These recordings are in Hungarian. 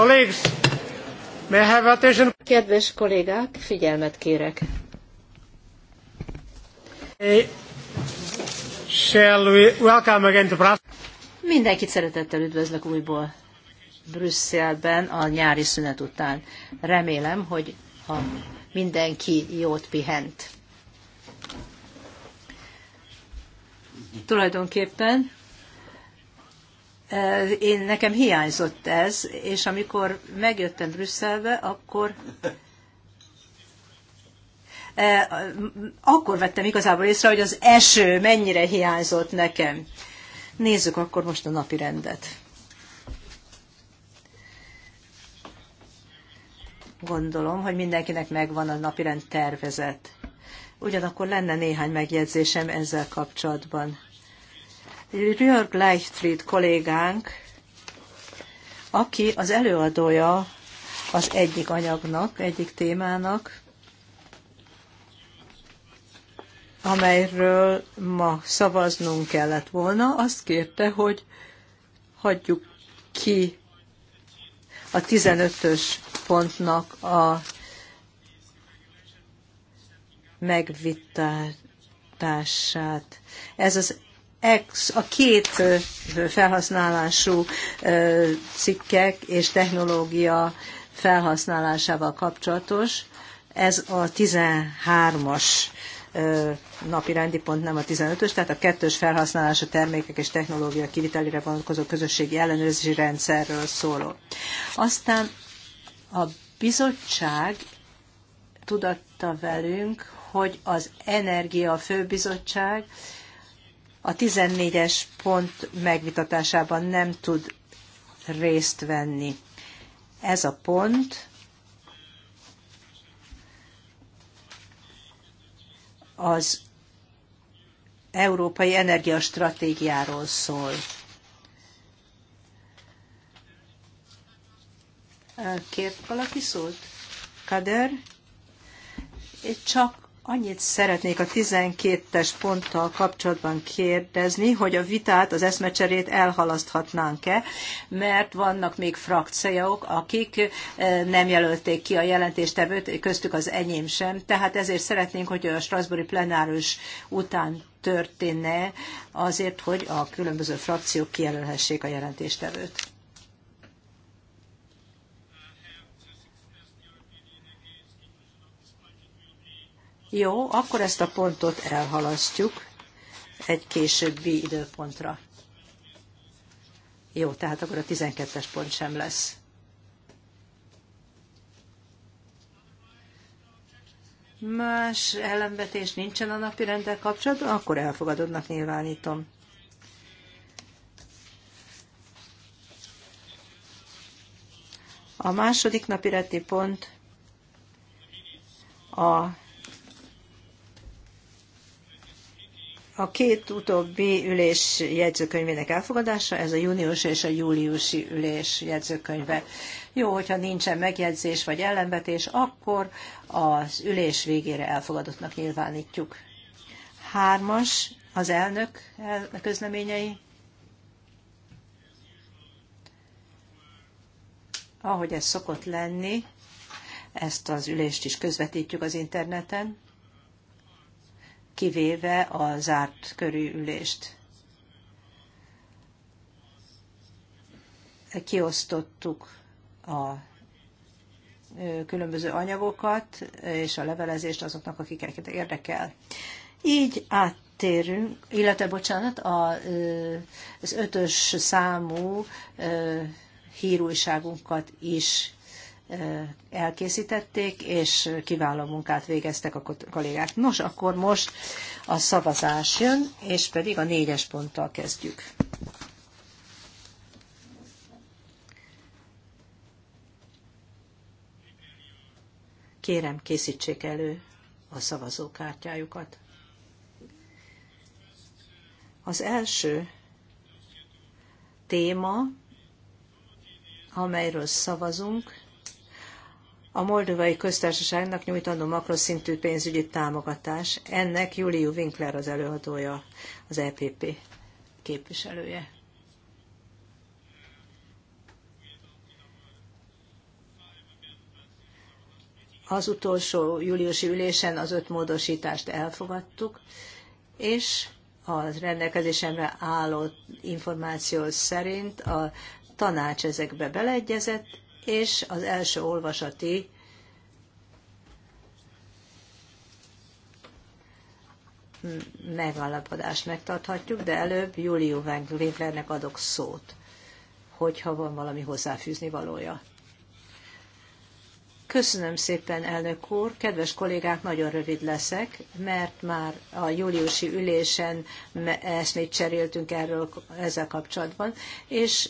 Colleagues, may I have attention? Kedves kollégák, figyelmet kérek. Shall we welcome again to Mindenkit szeretettel üdvözlök újból Brüsszelben a nyári szünet után. Remélem, hogy a mindenki jót pihent. Tulajdonképpen Eh, én, nekem hiányzott ez, és amikor megjöttem Brüsszelbe, akkor eh, akkor vettem igazából észre, hogy az eső mennyire hiányzott nekem. Nézzük akkor most a napi rendet. Gondolom, hogy mindenkinek megvan a napirend tervezet. Ugyanakkor lenne néhány megjegyzésem ezzel kapcsolatban Jörg Leichtfried kollégánk, aki az előadója az egyik anyagnak, egyik témának, amelyről ma szavaznunk kellett volna, azt kérte, hogy hagyjuk ki a 15-ös pontnak a megvitását. Ez az a két felhasználású cikkek és technológia felhasználásával kapcsolatos. Ez a 13-as napi rendi pont, nem a 15-ös, tehát a kettős felhasználás a termékek és technológia kivitelére vonatkozó közösségi ellenőrzési rendszerről szóló. Aztán a bizottság tudatta velünk, hogy az Energia Főbizottság a 14-es pont megvitatásában nem tud részt venni. Ez a pont az európai energiastratégiáról szól. Kért valaki szólt? Kader? Csak Annyit szeretnék a 12-es ponttal kapcsolatban kérdezni, hogy a vitát, az eszmecserét elhalaszthatnánk-e, mert vannak még frakciók, akik eh, nem jelölték ki a jelentéstevőt, köztük az enyém sem. Tehát ezért szeretnénk, hogy a Strasbourg plenáros után történne azért, hogy a különböző frakciók kijelölhessék a jelentéstevőt. Jó, akkor ezt a pontot elhalasztjuk egy későbbi időpontra. Jó, tehát akkor a 12-es pont sem lesz. Más ellenvetés nincsen a napi rendel kapcsolatban, akkor elfogadodnak nyilvánítom. A második napi pont a A két utóbbi ülés jegyzőkönyvének elfogadása, ez a június és a júliusi ülés jegyzőkönyve. Jó, hogyha nincsen megjegyzés vagy ellenvetés, akkor az ülés végére elfogadottnak nyilvánítjuk. Hármas, az elnök közleményei. Ahogy ez szokott lenni, ezt az ülést is közvetítjük az interneten kivéve a zárt körű ülést. Kiosztottuk a különböző anyagokat és a levelezést azoknak, akiket érdekel. Így áttérünk, illetve bocsánat, a, az ötös számú hírújságunkat is elkészítették, és kiváló munkát végeztek a kollégák. Nos, akkor most a szavazás jön, és pedig a négyes ponttal kezdjük. Kérem, készítsék elő a szavazókártyájukat. Az első téma, amelyről szavazunk, a Moldovai Köztársaságnak nyújtandó makroszintű pénzügyi támogatás. Ennek Juliu Winkler az előadója, az EPP képviselője. Az utolsó júliusi ülésen az öt módosítást elfogadtuk, és a rendelkezésemre álló információ szerint a tanács ezekbe beleegyezett, és az első olvasati megállapodást megtarthatjuk, de előbb Julio Winklernek adok szót, hogyha van valami hozzáfűzni valója. Köszönöm szépen, elnök úr. Kedves kollégák, nagyon rövid leszek, mert már a júliusi ülésen eszmét cseréltünk erről ezzel kapcsolatban, és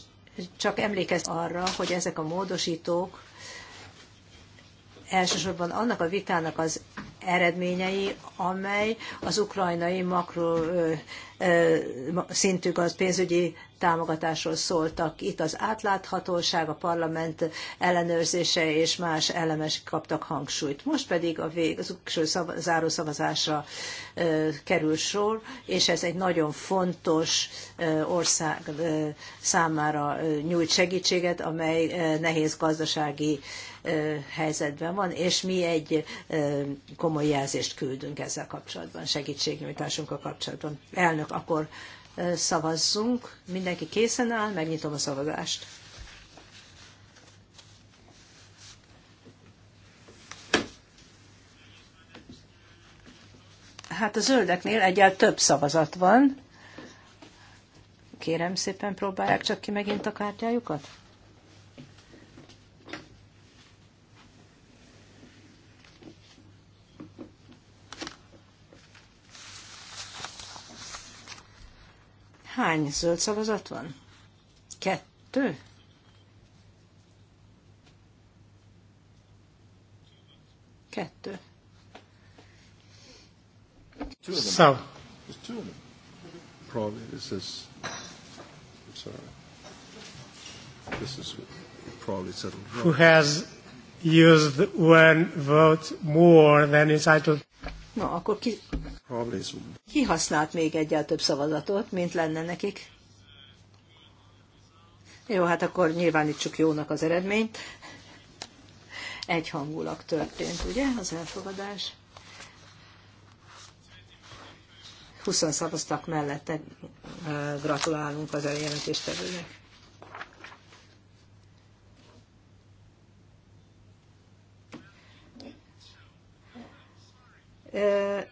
csak emlékezz arra, hogy ezek a módosítók elsősorban annak a vitának az eredményei, amely az ukrajnai makro szintű pénzügyi támogatásról szóltak. Itt az átláthatóság, a parlament ellenőrzése és más elemes kaptak hangsúlyt. Most pedig a végső szav, záró szavazásra kerül sor, és ez egy nagyon fontos e, ország e, számára nyújt segítséget, amely e, nehéz gazdasági e, helyzetben van, és mi egy e, komoly jelzést küldünk ezzel kapcsolatban, segítségnyújtásunkkal kapcsolatban. Elnök, akkor szavazzunk. Mindenki készen áll, megnyitom a szavazást. Hát a zöldeknél egyel több szavazat van. Kérem szépen próbálják csak ki megint a kártyájukat. Hány zöld szavazat van? Kettő? Kettő. So. Probably this is. I'm sorry. This is probably settled. Who has used one vote more than entitled? No, akkor ki ki használt még egyel több szavazatot, mint lenne nekik. Jó, hát akkor nyilvánítsuk jónak az eredményt. Egyhangulag történt, ugye, az elfogadás. 20 szavaztak mellette. Gratulálunk az eljelentéstevőnek. Uh,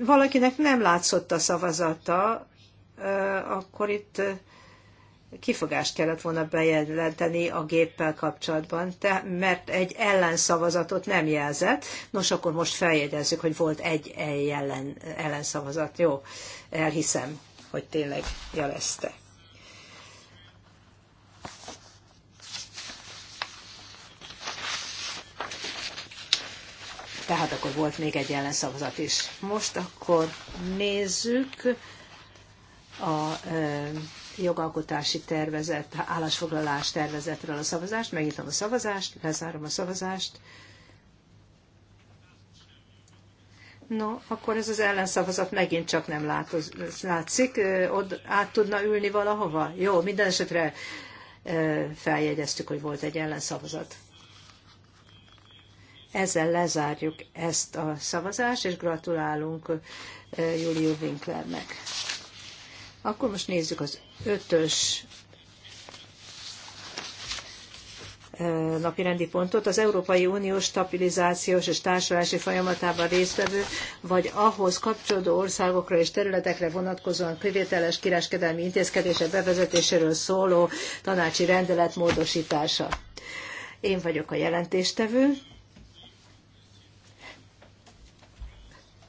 valakinek nem látszott a szavazata, akkor itt kifogást kellett volna bejelenteni a géppel kapcsolatban, te, mert egy ellenszavazatot nem jelzett. Nos, akkor most feljegyezzük, hogy volt egy ellen, ellenszavazat. Jó, elhiszem, hogy tényleg jelezte. Tehát akkor volt még egy ellenszavazat is. Most akkor nézzük a jogalkotási tervezet, állásfoglalás tervezetről a szavazást. Megnyitom a szavazást, lezárom a szavazást. No, akkor ez az ellenszavazat megint csak nem látoz, látszik. Ott át tudna ülni valahova? Jó, minden esetre feljegyeztük, hogy volt egy ellenszavazat. Ezzel lezárjuk ezt a szavazást, és gratulálunk eh, Julio Winklernek. Akkor most nézzük az ötös eh, napirendi pontot, az Európai Unió stabilizációs és társulási folyamatában résztvevő, vagy ahhoz kapcsolódó országokra és területekre vonatkozóan kivételes kereskedelmi intézkedése bevezetéséről szóló tanácsi rendelet módosítása. Én vagyok a jelentéstevő,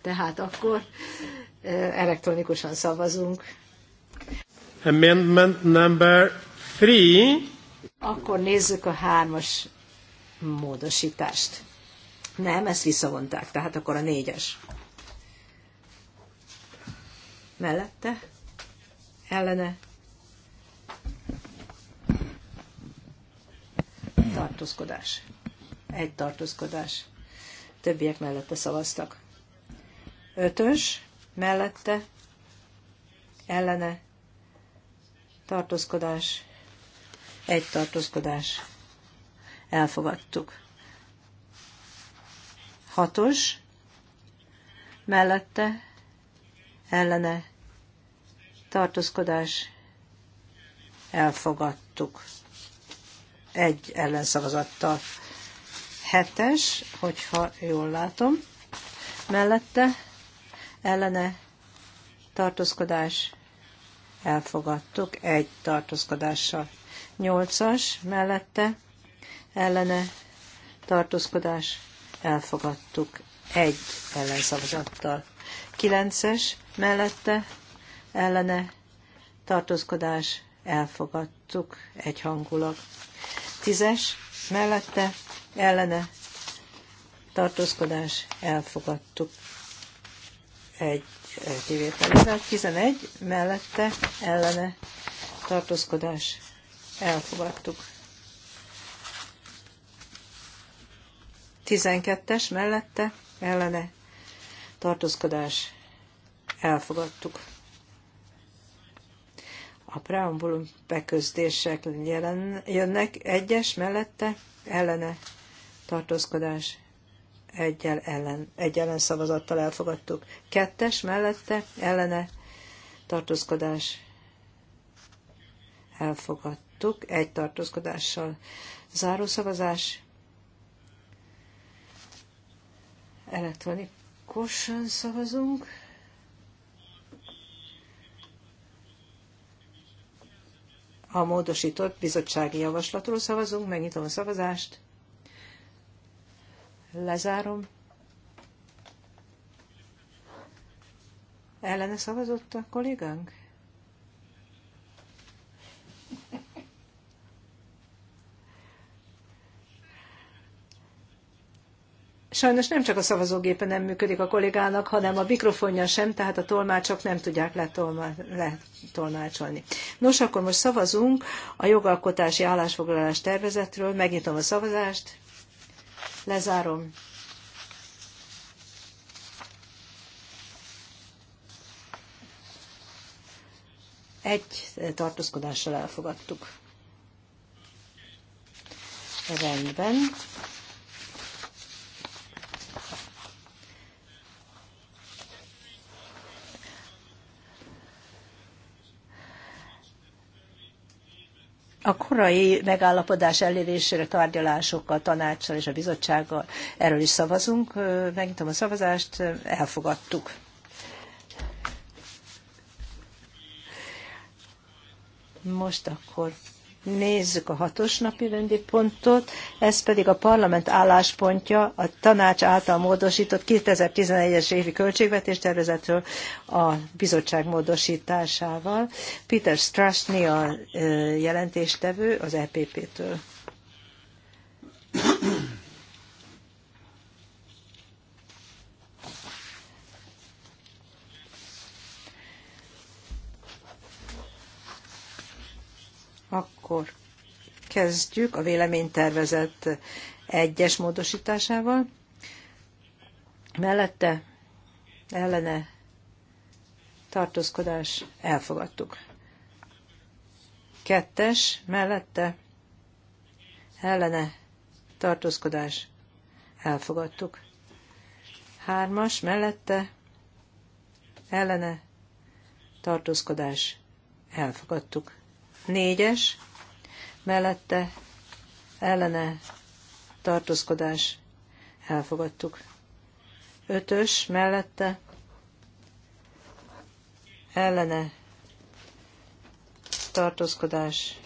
Tehát akkor elektronikusan szavazunk. Amendment number three. Akkor nézzük a hármas módosítást. Nem, ezt visszavonták, tehát akkor a négyes. Mellette? Ellene? Tartózkodás. Egy tartózkodás. Többiek mellette szavaztak. Ötös mellette ellene tartózkodás, egy tartózkodás. Elfogadtuk. Hatos mellette ellene tartózkodás. Elfogadtuk. Egy ellenszavazattal. Hetes, hogyha jól látom, mellette ellene tartózkodás elfogadtuk egy tartózkodással. Nyolcas mellette ellene tartózkodás elfogadtuk egy ellenszavazattal. Kilences mellette ellene tartózkodás elfogadtuk hangulag. Tízes mellette ellene tartózkodás elfogadtuk egy kivételével, 11 mellette ellene tartózkodás elfogadtuk. 12-es mellette ellene tartózkodás elfogadtuk. A preambulum beközdések jelen, jönnek egyes mellette ellene tartózkodás egyel ellen, egy ellen szavazattal elfogadtuk. Kettes mellette ellene tartózkodás elfogadtuk, egy tartózkodással záró szavazás. Elektronikusan szavazunk. A módosított bizottsági javaslatról szavazunk, megnyitom a szavazást. Lezárom. Ellene szavazott a kollégánk? Sajnos nem csak a szavazógépe nem működik a kollégának, hanem a mikrofonja sem, tehát a tolmácsok nem tudják letolmácsolni. Nos, akkor most szavazunk a jogalkotási állásfoglalás tervezetről. Megnyitom a szavazást. Lezárom. Egy tartózkodással elfogadtuk. Rendben. a korai megállapodás elérésére tárgyalásokkal, tanácssal és a bizottsággal erről is szavazunk. Megnyitom a szavazást, elfogadtuk. Most akkor nézzük a hatos napi rendi pontot, ez pedig a parlament álláspontja a tanács által módosított 2011-es évi költségvetés tervezetről a bizottság módosításával. Peter Strasny a jelentéstevő az EPP-től. akkor kezdjük a véleménytervezet egyes módosításával. Mellette ellene tartózkodás elfogadtuk. Kettes mellette ellene tartózkodás elfogadtuk. Hármas mellette ellene tartózkodás elfogadtuk. Négyes mellette ellene tartózkodás elfogadtuk. Ötös mellette ellene tartózkodás.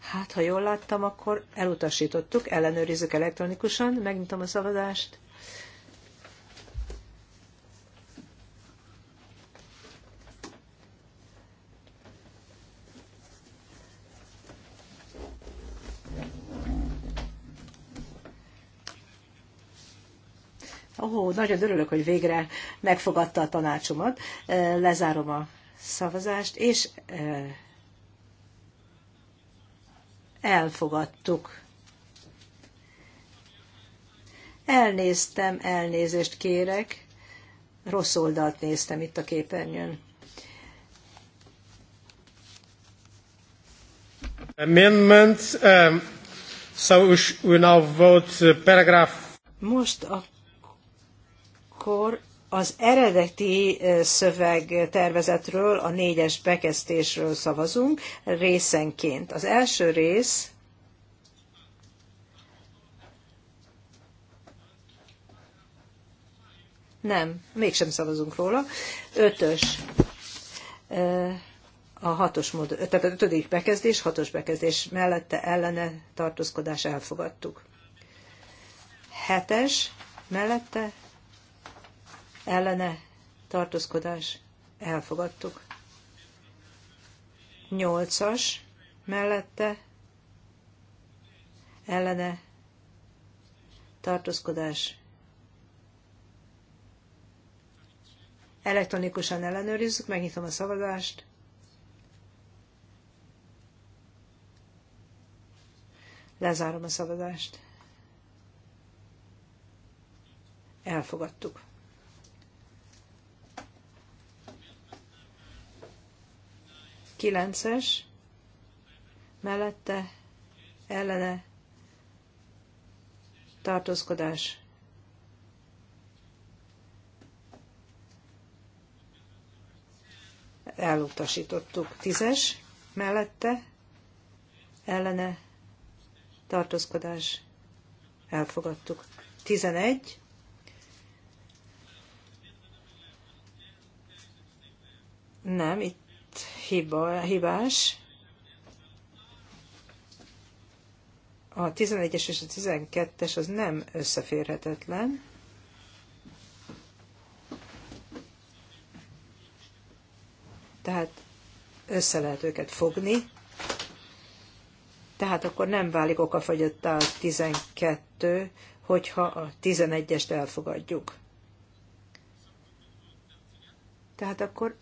Hát, ha jól láttam, akkor elutasítottuk, ellenőrizzük elektronikusan, megnyitom a szavazást. Ó, nagyon örülök, hogy végre megfogadta a tanácsomat. Lezárom a szavazást, és elfogadtuk. Elnéztem, elnézést kérek. Rossz oldalt néztem itt a képernyőn. Amendment. Um, so we now vote uh, paragraph. Most a Ugyanakkor az eredeti szöveg tervezetről, a négyes bekezdésről szavazunk részenként. Az első rész Nem, mégsem szavazunk róla. Ötös. A hatos mód, tehát a ötödik bekezdés, hatos bekezdés mellette ellene tartózkodás elfogadtuk. Hetes mellette ellene tartózkodás elfogadtuk. Nyolcas mellette ellene tartózkodás elektronikusan ellenőrizzük, megnyitom a szavazást. Lezárom a szavazást. Elfogadtuk. 9-es mellette ellene tartózkodás. Elutasítottuk. tízes mellette ellene tartózkodás. Elfogadtuk. tizenegy nem, itt hiba, hibás. A 11-es és a 12-es az nem összeférhetetlen. Tehát össze lehet őket fogni. Tehát akkor nem válik okafagyottá a 12, hogyha a 11-est elfogadjuk. Tehát akkor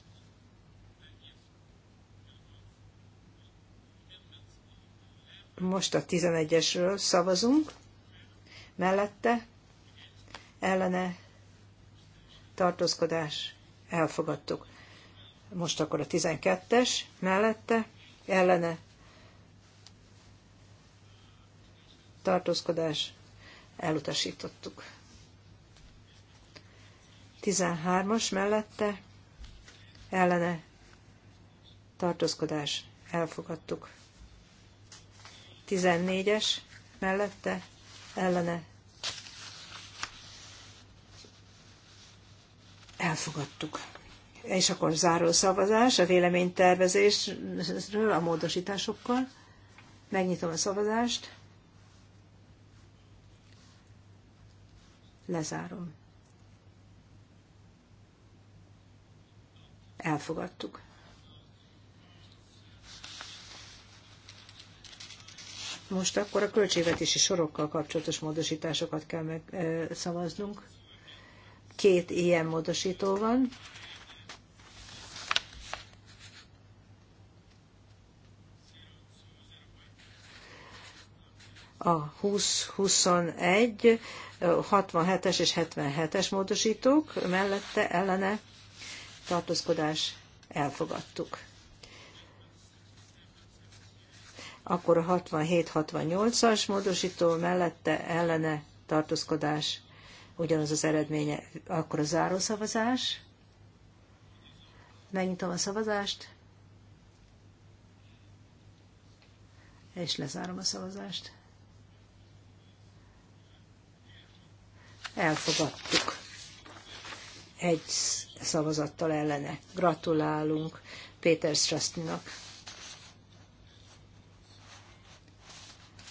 Most a 11-esről szavazunk, mellette ellene tartózkodás elfogadtuk. Most akkor a 12-es, mellette ellene tartózkodás elutasítottuk. 13-as mellette ellene tartózkodás elfogadtuk. 14-es mellette ellene elfogadtuk. És akkor záró szavazás a véleménytervezésről a módosításokkal. Megnyitom a szavazást. Lezárom. Elfogadtuk. most akkor a költségvetési sorokkal kapcsolatos módosításokat kell megszavaznunk. Két ilyen módosító van. a 20-21, 67-es és 77-es módosítók, mellette ellene tartózkodás elfogadtuk. akkor a 67-68-as módosító mellette ellene tartózkodás ugyanaz az eredménye, akkor a zárószavazás. Megnyitom a szavazást. És lezárom a szavazást. Elfogadtuk egy szavazattal ellene. Gratulálunk Péter Strasztinak.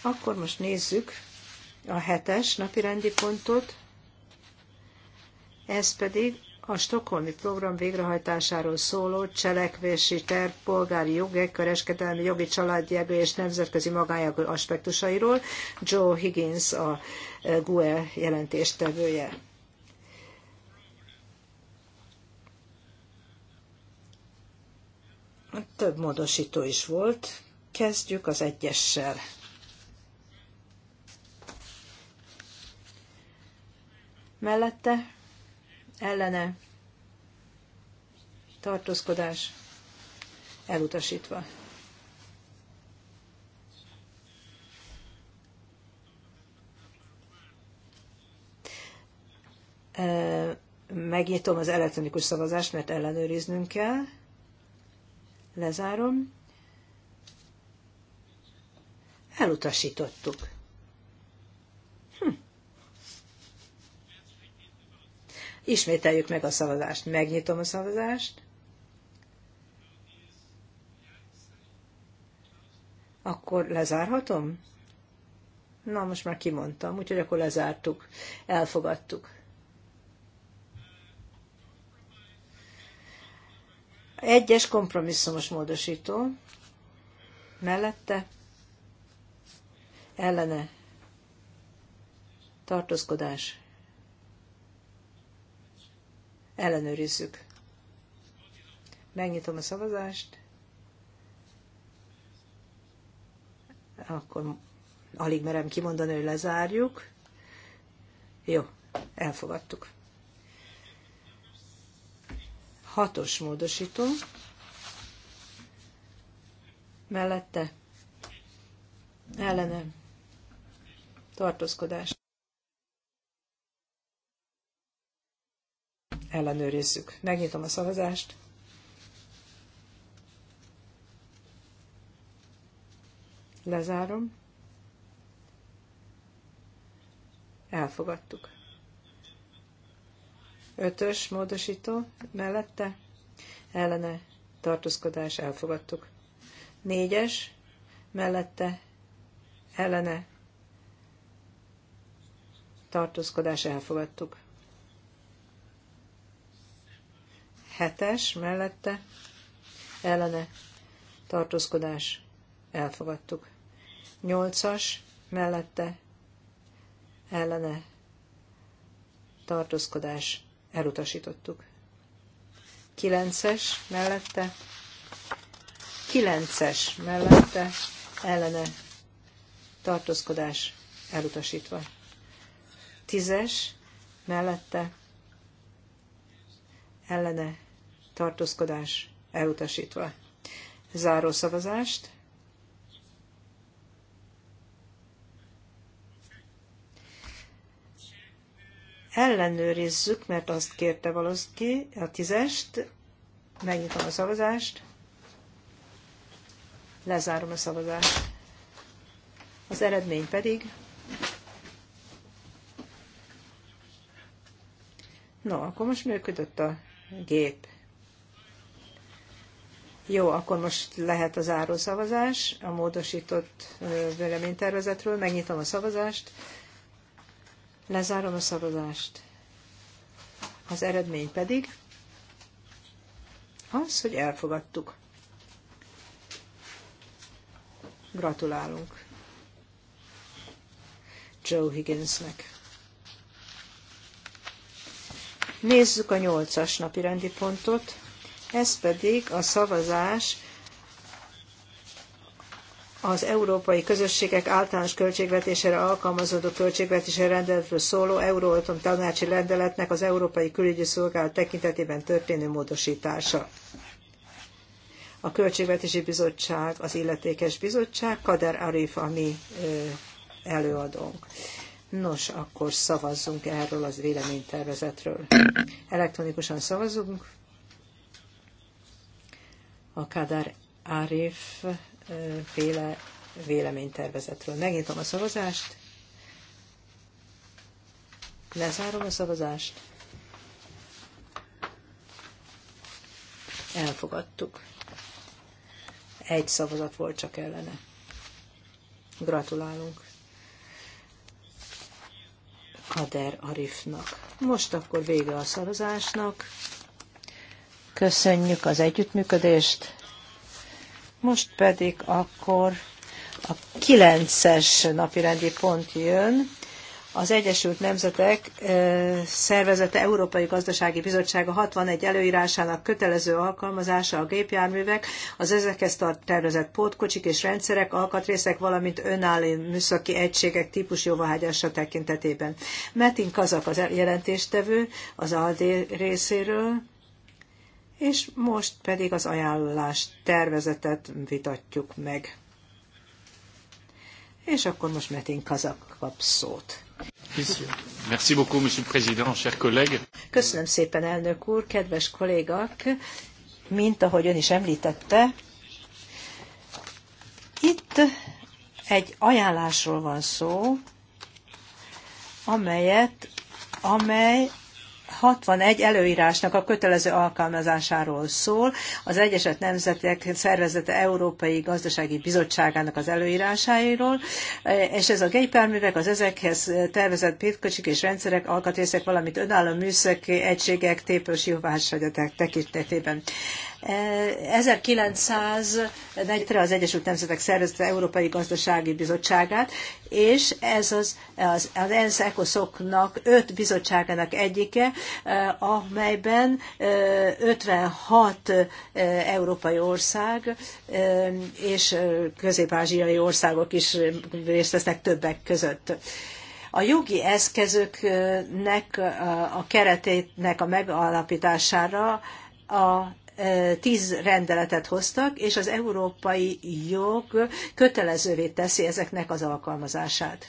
Akkor most nézzük a hetes napi rendi pontot, ez pedig a Stokholmi program végrehajtásáról szóló cselekvési terv polgári jogek, kereskedelmi jogi családjegő és nemzetközi magánjogú aspektusairól. Joe Higgins a e, GUE jelentéstevője. Több módosító is volt. Kezdjük az egyessel. mellette ellene tartózkodás elutasítva. Megnyitom az elektronikus szavazást, mert ellenőriznünk kell. Lezárom. Elutasítottuk. Ismételjük meg a szavazást. Megnyitom a szavazást. Akkor lezárhatom? Na, most már kimondtam, úgyhogy akkor lezártuk, elfogadtuk. Egyes kompromisszumos módosító. Mellette. Ellene. Tartózkodás. Ellenőrizzük. Megnyitom a szavazást. Akkor alig merem kimondani, hogy lezárjuk. Jó, elfogadtuk. Hatos módosító. Mellette ellenem tartózkodás. ellenőrizzük. Megnyitom a szavazást. Lezárom. Elfogadtuk. Ötös módosító mellette ellene tartózkodás elfogadtuk. Négyes mellette ellene tartózkodás elfogadtuk. hetes mellette ellene tartózkodás elfogadtuk. Nyolcas mellette ellene tartózkodás elutasítottuk. Kilences mellette kilences mellette ellene tartózkodás elutasítva. Tízes mellette ellene tartózkodás elutasítva. Záró szavazást. Ellenőrizzük, mert azt kérte valaki a tízest. Megnyitom a szavazást. Lezárom a szavazást. Az eredmény pedig No, akkor most működött a gép. Jó, akkor most lehet az árószavazás a módosított véleménytervezetről. Megnyitom a szavazást, lezárom a szavazást. Az eredmény pedig az, hogy elfogadtuk. Gratulálunk Joe Higginsnek. Nézzük a nyolcas napi rendi pontot ez pedig a szavazás az európai közösségek általános költségvetésére alkalmazódó költségvetési rendeletről szóló Euróatom tanácsi rendeletnek az Európai Külügyi Szolgálat tekintetében történő módosítása. A Költségvetési Bizottság, az Illetékes Bizottság, Kader Arif, a mi előadónk. Nos, akkor szavazzunk erről az véleménytervezetről. Elektronikusan szavazunk a Kadar Arif féle véleménytervezetről. Megnyitom a szavazást, lezárom a szavazást, elfogadtuk. Egy szavazat volt csak ellene. Gratulálunk Kader Arifnak. Most akkor vége a szavazásnak. Köszönjük az együttműködést. Most pedig akkor a kilences napirendi pont jön. Az Egyesült Nemzetek Szervezete Európai Gazdasági Bizottsága 61 előírásának kötelező alkalmazása a gépjárművek, az ezekhez tervezett pótkocsik és rendszerek, alkatrészek, valamint önálló műszaki egységek típus jóváhagyása tekintetében. Metin Kazak az jelentéstevő az ALD részéről és most pedig az ajánlás tervezetet vitatjuk meg. És akkor most Metin Kazak kap szót. Merci beaucoup, monsieur le président, chers collègues. Köszönöm szépen, elnök úr, kedves kollégak! Mint ahogy ön is említette, itt egy ajánlásról van szó, amelyet, amely 61 előírásnak a kötelező alkalmazásáról szól, az Egyesült Nemzetek Szervezete Európai Gazdasági Bizottságának az előírásáiról, és ez a gépjárművek, az ezekhez tervezett pétkocsik és rendszerek, alkatrészek, valamint önálló műszaki egységek tépős jóváhagyatás tekintetében. 1900 re az Egyesült Nemzetek szervezte Európai Gazdasági Bizottságát, és ez az, az, az ENSZ ECOSZOK-nak öt bizottságának egyike, eh, amelyben 56 eh, eh, európai ország és közép-ázsiai országok is részt vesznek többek között. A jogi eszközöknek a keretének a megalapítására a tíz rendeletet hoztak, és az európai jog kötelezővé teszi ezeknek az alkalmazását.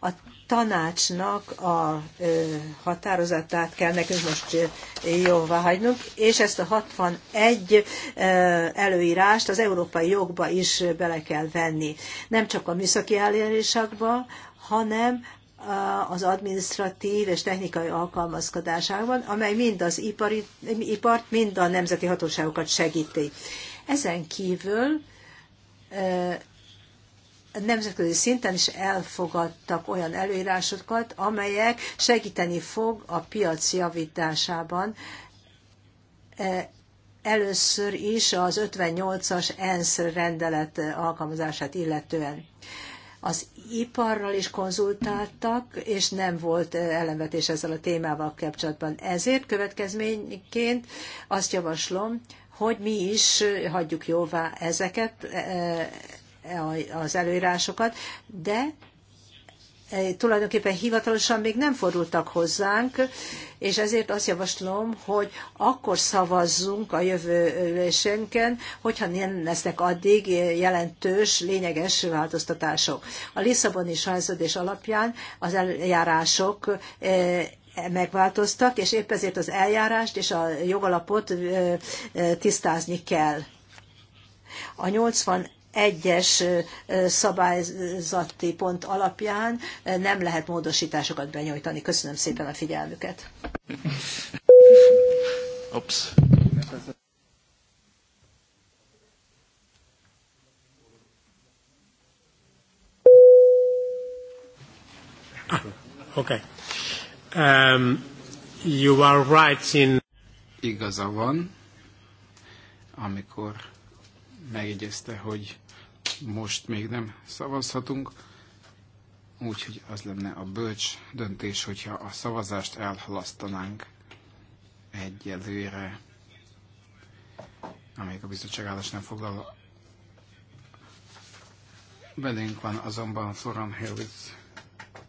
A tanácsnak a határozatát kell nekünk most jóvá hagynunk, és ezt a 61 előírást az európai jogba is bele kell venni. Nem csak a műszaki elérésekbe, hanem az administratív és technikai alkalmazkodásában, amely mind az ipari, ipart, mind a nemzeti hatóságokat segíti. Ezen kívül nemzetközi szinten is elfogadtak olyan előírásokat, amelyek segíteni fog a piac javításában. Először is az 58-as ENSZ rendelet alkalmazását illetően. Az iparral is konzultáltak, és nem volt eh, ellenvetés ezzel a témával kapcsolatban. Ezért következményként azt javaslom, hogy mi is eh, hagyjuk jóvá ezeket, eh, az előírásokat, de E, tulajdonképpen hivatalosan még nem fordultak hozzánk, és ezért azt javaslom, hogy akkor szavazzunk a jövő ülésenken, hogyha nem lesznek addig jelentős, lényeges változtatások. A Lisszaboni szerződés alapján az eljárások e, megváltoztak, és épp ezért az eljárást és a jogalapot e, tisztázni kell. A 80 egyes szabályzati pont alapján nem lehet módosításokat benyújtani. Köszönöm szépen a figyelmüket. Ops. Ah, okay. Um, you are right in... Igaza van, amikor megjegyezte, hogy most még nem szavazhatunk, úgyhogy az lenne a bölcs döntés, hogyha a szavazást elhalasztanánk egyelőre, amelyik a bizottság állás nem foglal. Belénk van azonban Soran Helwitz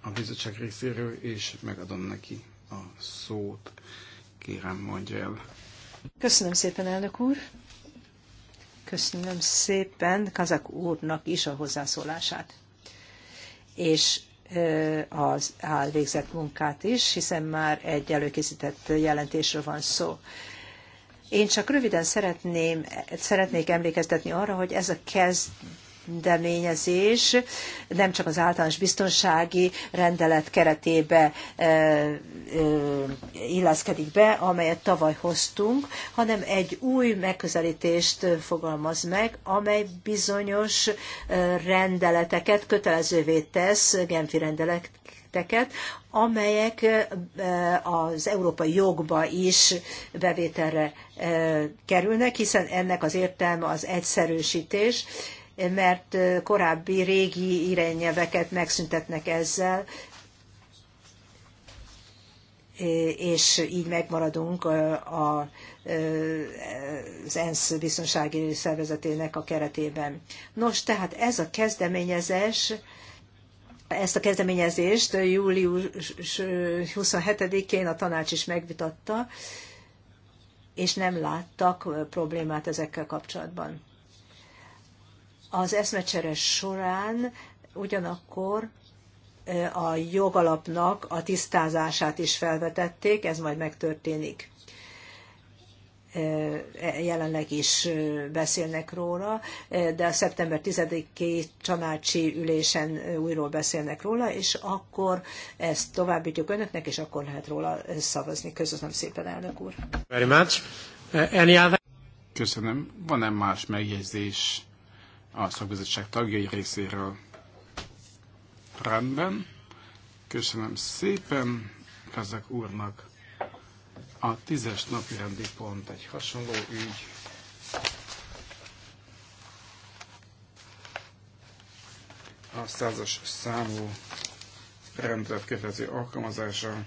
a bizottság részéről, és megadom neki a szót. Kérem, mondja el. Köszönöm szépen, elnök úr! Köszönöm szépen Kazak úrnak is a hozzászólását. És az elvégzett munkát is, hiszen már egy előkészített jelentésről van szó. Én csak röviden szeretném, szeretnék emlékeztetni arra, hogy ez a kezd, kezdeményezés nem csak az általános biztonsági rendelet keretébe e, e, illeszkedik be, amelyet tavaly hoztunk, hanem egy új megközelítést fogalmaz meg, amely bizonyos e, rendeleteket kötelezővé tesz, Genfi rendeleteket, amelyek az európai jogba is bevételre kerülnek, hiszen ennek az értelme az egyszerűsítés, mert korábbi régi irányelveket megszüntetnek ezzel, és így megmaradunk a, az ENSZ biztonsági szervezetének a keretében. Nos, tehát ez a kezdeményezés, ezt a kezdeményezést július 27-én a tanács is megvitatta, és nem láttak problémát ezekkel kapcsolatban. Az eszmecsere során ugyanakkor a jogalapnak a tisztázását is felvetették, ez majd megtörténik. E, jelenleg is beszélnek róla, de a szeptember 10-i csanácsi ülésen újról beszélnek róla, és akkor ezt továbbítjuk önöknek, és akkor lehet róla szavazni. Köszönöm szépen, elnök úr. Very much. Any other? Köszönöm. Van-e más megjegyzés? a szakbizottság tagjai részéről. Rendben. Köszönöm szépen Kazak úrnak. A tízes napi rendi pont egy hasonló ügy. A százas számú rendelet kötelező alkalmazása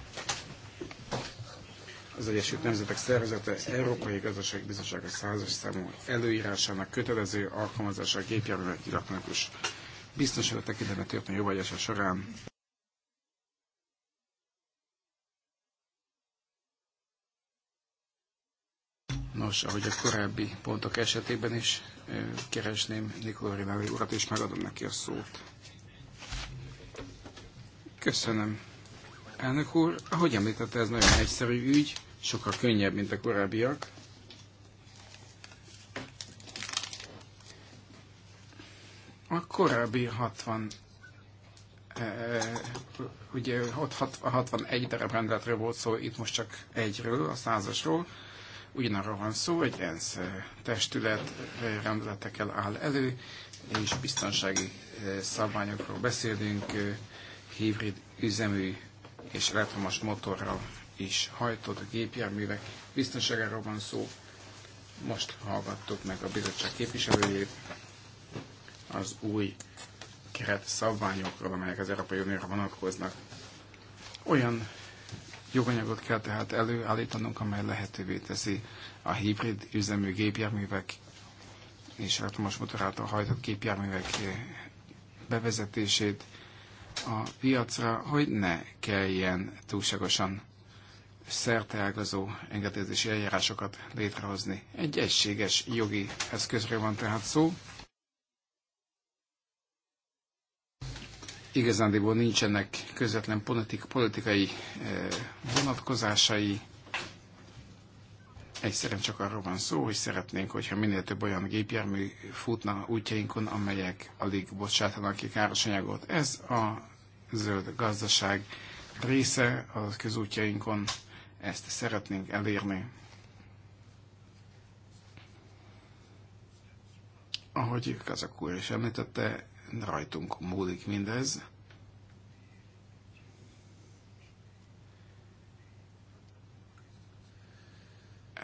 az Egyesült Nemzetek Szervezete Európai Gazdasági Bizottsága százas számú előírásának kötelező alkalmazása a gépjárművek elektronikus biztonsága tekintetben történő jóvágyása során Nos, ahogy a korábbi pontok esetében is keresném Nikola Rinelli urat, és megadom neki a szót. Köszönöm elnök úr. Ahogy említette, ez nagyon egyszerű ügy, sokkal könnyebb, mint a korábbiak. A korábbi 60 Uh, eh, ugye ott 61 darab rendeletről volt szó, itt most csak egyről, a százasról. Ugyanarról van szó, egy ENSZ eh, testület eh, rendeletekkel áll elő, és biztonsági szabványokról beszélünk, hibrid üzemű és elektromos motorral is hajtott gépjárművek biztonságáról van szó. Most hallgattuk meg a bizottság képviselőjét az új keret szabványokról, amelyek az Európai Unióra vonatkoznak. Olyan joganyagot kell tehát előállítanunk, amely lehetővé teszi a hibrid üzemű gépjárművek és elektromos motor által hajtott gépjárművek bevezetését, a piacra, hogy ne kelljen túlságosan szerteágazó engedélyezési eljárásokat létrehozni. Egy egységes jogi eszközről van tehát szó. Igazándiból nincsenek közvetlen politikai eh, vonatkozásai Egyszerűen csak arról van szó, hogy szeretnénk, hogyha minél több olyan gépjármű futna útjainkon, amelyek alig bocsátanak ki káros anyagot. Ez a zöld gazdaság része a közútjainkon, ezt szeretnénk elérni. Ahogy Kazak úr is említette, rajtunk múlik mindez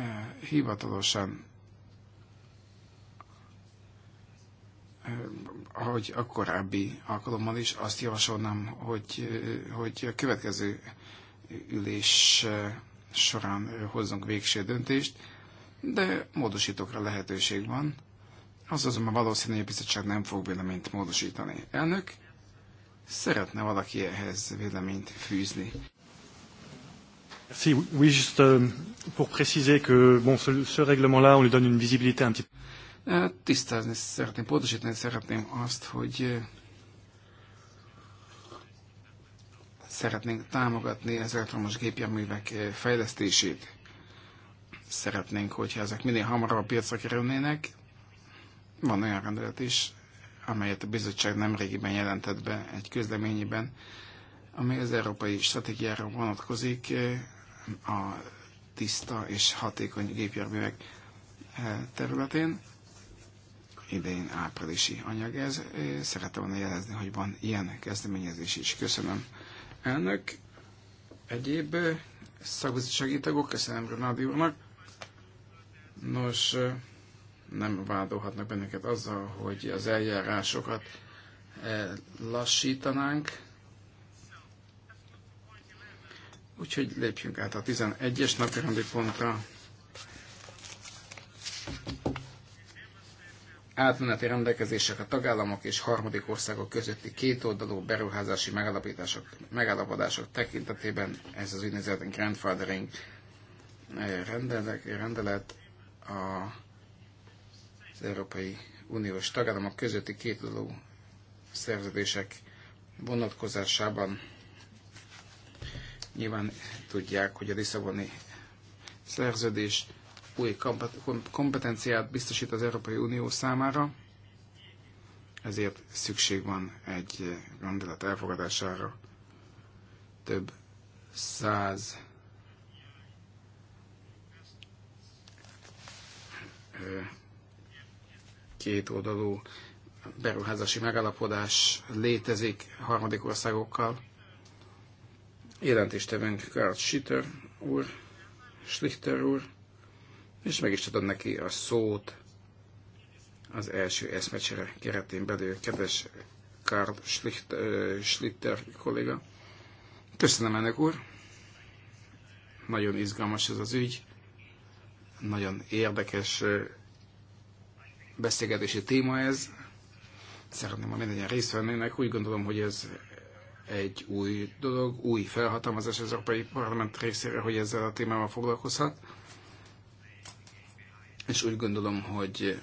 Eh, hivatalosan, eh, ahogy a korábbi alkalommal is, azt javasolnám, hogy, eh, hogy a következő ülés során hozzunk végső döntést, de módosítókra lehetőség van. Az azonban valószínű, hogy a bizottság nem fog véleményt módosítani. Elnök, szeretne valaki ehhez véleményt fűzni? Merci. Oui, juste euh, pour préciser que bon, ce, ce règlement-là, on lui donne une visibilité un petit peu. Euh, tisztázni szeretném, pontosítani szeretném azt, hogy euh, szeretnénk támogatni az elektromos gépjárművek fejlesztését. Szeretnénk, hogyha ezek minél hamarabb a piacra kerülnének. Van olyan rendelet is, amelyet a bizottság nemrégiben jelentett be egy közleményében, ami az európai stratégiára vonatkozik, a tiszta és hatékony gépjárművek eh, területén. Idén áprilisi anyag ez. Szeretem volna jelezni, hogy van ilyen kezdeményezés is. Köszönöm elnök, egyéb eh, szakbizottsági tagok, köszönöm Renádi úrnak. Nos, eh, nem vádolhatnak bennünket azzal, hogy az eljárásokat lassítanánk, Úgyhogy lépjünk át a 11-es napirendi pontra. Átmeneti rendelkezések a tagállamok és harmadik országok közötti kétoldalú beruházási megállapítások, megállapodások tekintetében ez az úgynevezett grandfathering eh, rendelet, rendelet a, az Európai Uniós tagállamok közötti kétoldalú szerződések vonatkozásában Nyilván tudják, hogy a Lisszaboni szerződés új kompetenciát biztosít az Európai Unió számára, ezért szükség van egy rendelet elfogadására. Több száz két oldalú beruházási megállapodás létezik harmadik országokkal, Jelentéstevőnk Karl Schitter úr, Schlichter úr, és meg is adom neki a szót az első eszmecsere keretén belül, kedves Karl Schlichter, Schlichter kolléga. Köszönöm ennek úr, nagyon izgalmas ez az ügy, nagyon érdekes beszélgetési téma ez. Szeretném, ha mindannyian részt vennének. Úgy gondolom, hogy ez egy új dolog, új felhatalmazás az Európai Parlament részére, hogy ezzel a témával foglalkozhat. És úgy gondolom, hogy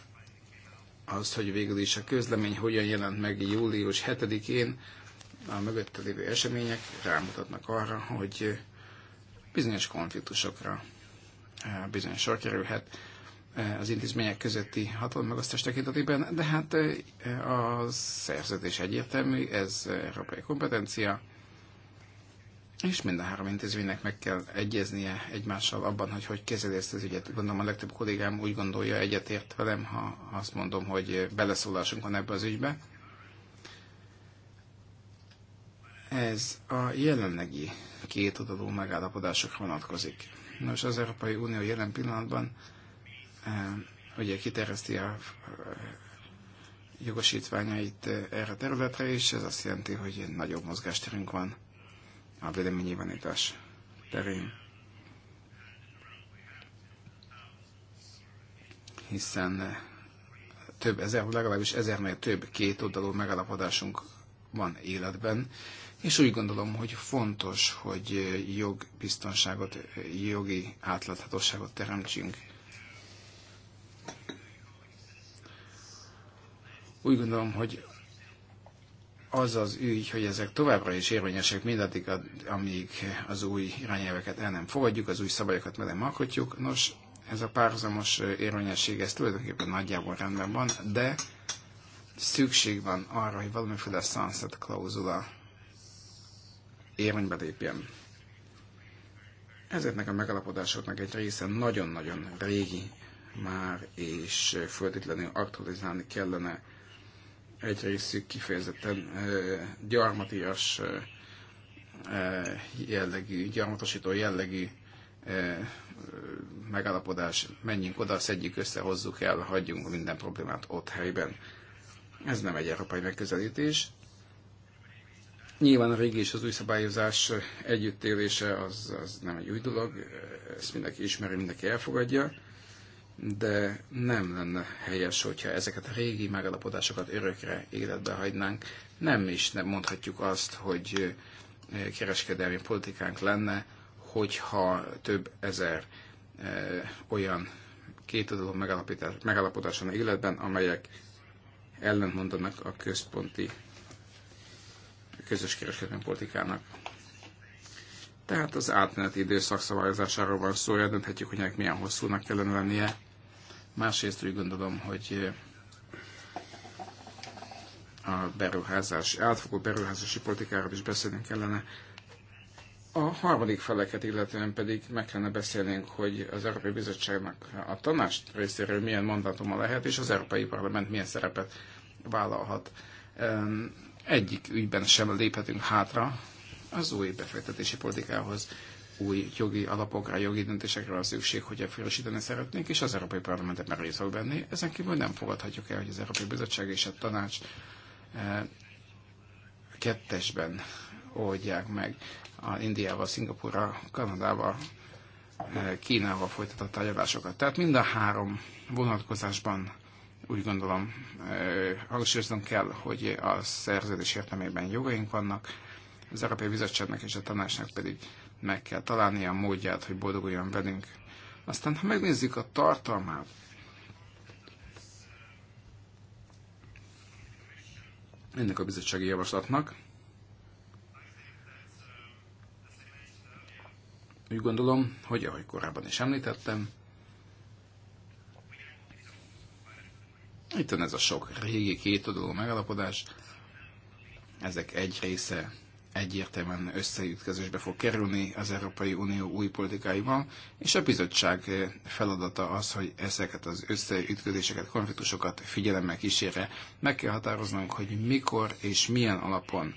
az, hogy végül is a közlemény hogyan jelent meg július 7-én, a mögötte lévő események rámutatnak arra, hogy bizonyos konfliktusokra eh, bizonyos sor kerülhet E, az intézmények közötti megosztás tekintetében, de hát e, e, a szerződés egyértelmű, ez európai kompetencia, és mind a három intézménynek meg kell egyeznie egymással abban, hogy hogy kezeli ezt az ügyet. Gondolom a legtöbb kollégám úgy gondolja, egyetért velem, ha azt mondom, hogy beleszólásunk van ebbe az ügybe. Ez a jelenlegi két megállapodásokra vonatkozik. Nos, az Európai Unió jelen pillanatban ugye kiterjeszti a jogosítványait erre a területre, és ez azt jelenti, hogy nagyobb mozgásterünk van a véleménynyilvánítás terén. Hiszen több ezer, legalábbis ezernél több két oldalú megállapodásunk van életben, és úgy gondolom, hogy fontos, hogy jogbiztonságot, jogi átláthatóságot teremtsünk Úgy gondolom, hogy az az ügy, hogy ezek továbbra is érvényesek mindaddig, amíg az új irányelveket el nem fogadjuk, az új szabályokat meg nem alkotjuk. Nos, ez a párhuzamos érvényesség, ez tulajdonképpen nagyjából rendben van, de szükség van arra, hogy valamiféle sunset klauzula érvénybe lépjen. Ezeknek a megalapodásoknak egy része nagyon-nagyon régi már, és földetlenül aktualizálni kellene egy részük kifejezetten gyarmatias jellegű, gyarmatosító jellegű megállapodás, menjünk oda, szedjük össze, hozzuk el, hagyjunk minden problémát ott helyben. Ez nem egy európai megközelítés. Nyilván a régi és az új szabályozás együttélése az, az nem egy új dolog, ezt mindenki ismeri, mindenki elfogadja de nem lenne helyes, hogyha ezeket a régi megállapodásokat örökre életbe hagynánk. Nem is nem mondhatjuk azt, hogy kereskedelmi politikánk lenne, hogyha több ezer olyan kétoldalú megállapodás van életben, amelyek ellentmondanak a központi a közös kereskedelmi politikának. Tehát az átmeneti időszak szabályozásáról van szó, eldönthetjük, hogy ennek milyen hosszúnak kellene lennie, Másrészt úgy gondolom, hogy eh, a beruházás, átfogó beruházási politikáról is beszélnünk kellene. A harmadik feleket illetően pedig meg kellene beszélnünk, hogy az Európai Bizottságnak a tanács részéről milyen mandátuma lehet, és az Európai Parlament milyen szerepet vállalhat. Egyik ügyben sem léphetünk hátra az új befektetési politikához új jogi alapokra, jogi döntésekre van szükség, hogy frissíteni szeretnénk, és az Európai Parlamentet már részt fog venni. Ezen kívül nem fogadhatjuk el, hogy az Európai Bizottság és a Tanács e, kettesben oldják meg a Indiával, Szingapurral, Kanadával, e, Kínával folytatott tárgyalásokat. Tehát mind a három vonatkozásban úgy gondolom, e, hangsúlyoznom kell, hogy a szerződés értelmében jogaink vannak, az Európai Bizottságnak és a Tanácsnak pedig meg kell találnia a módját, hogy boldoguljon velünk. Aztán, ha megnézzük a tartalmát, ennek a bizottsági javaslatnak, úgy gondolom, hogy ahogy korábban is említettem, itt van ez a sok régi kétoldalú megalapodás, ezek egy része egyértelműen összeütközésbe fog kerülni az Európai Unió új politikáival, és a bizottság feladata az, hogy ezeket az összeütközéseket, konfliktusokat figyelemmel kísérje. Meg kell határoznunk, hogy mikor és milyen alapon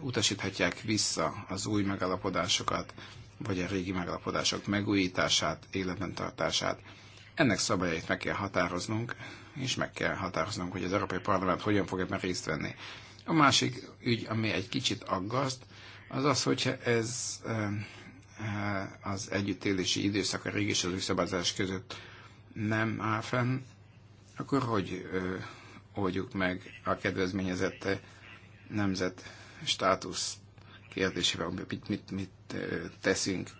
utasíthatják vissza az új megállapodásokat, vagy a régi megállapodások megújítását, életben tartását. Ennek szabályait meg kell határoznunk, és meg kell határoznunk, hogy az Európai Parlament hogyan fog ebben részt venni. A másik ügy, ami egy kicsit aggaszt, az az, hogyha ez eh, az együttélési időszak a régi és az között nem áll fenn, akkor hogy ö, oldjuk meg a kedvezményezett nemzet státusz kérdésével, mit, mit, mit teszünk,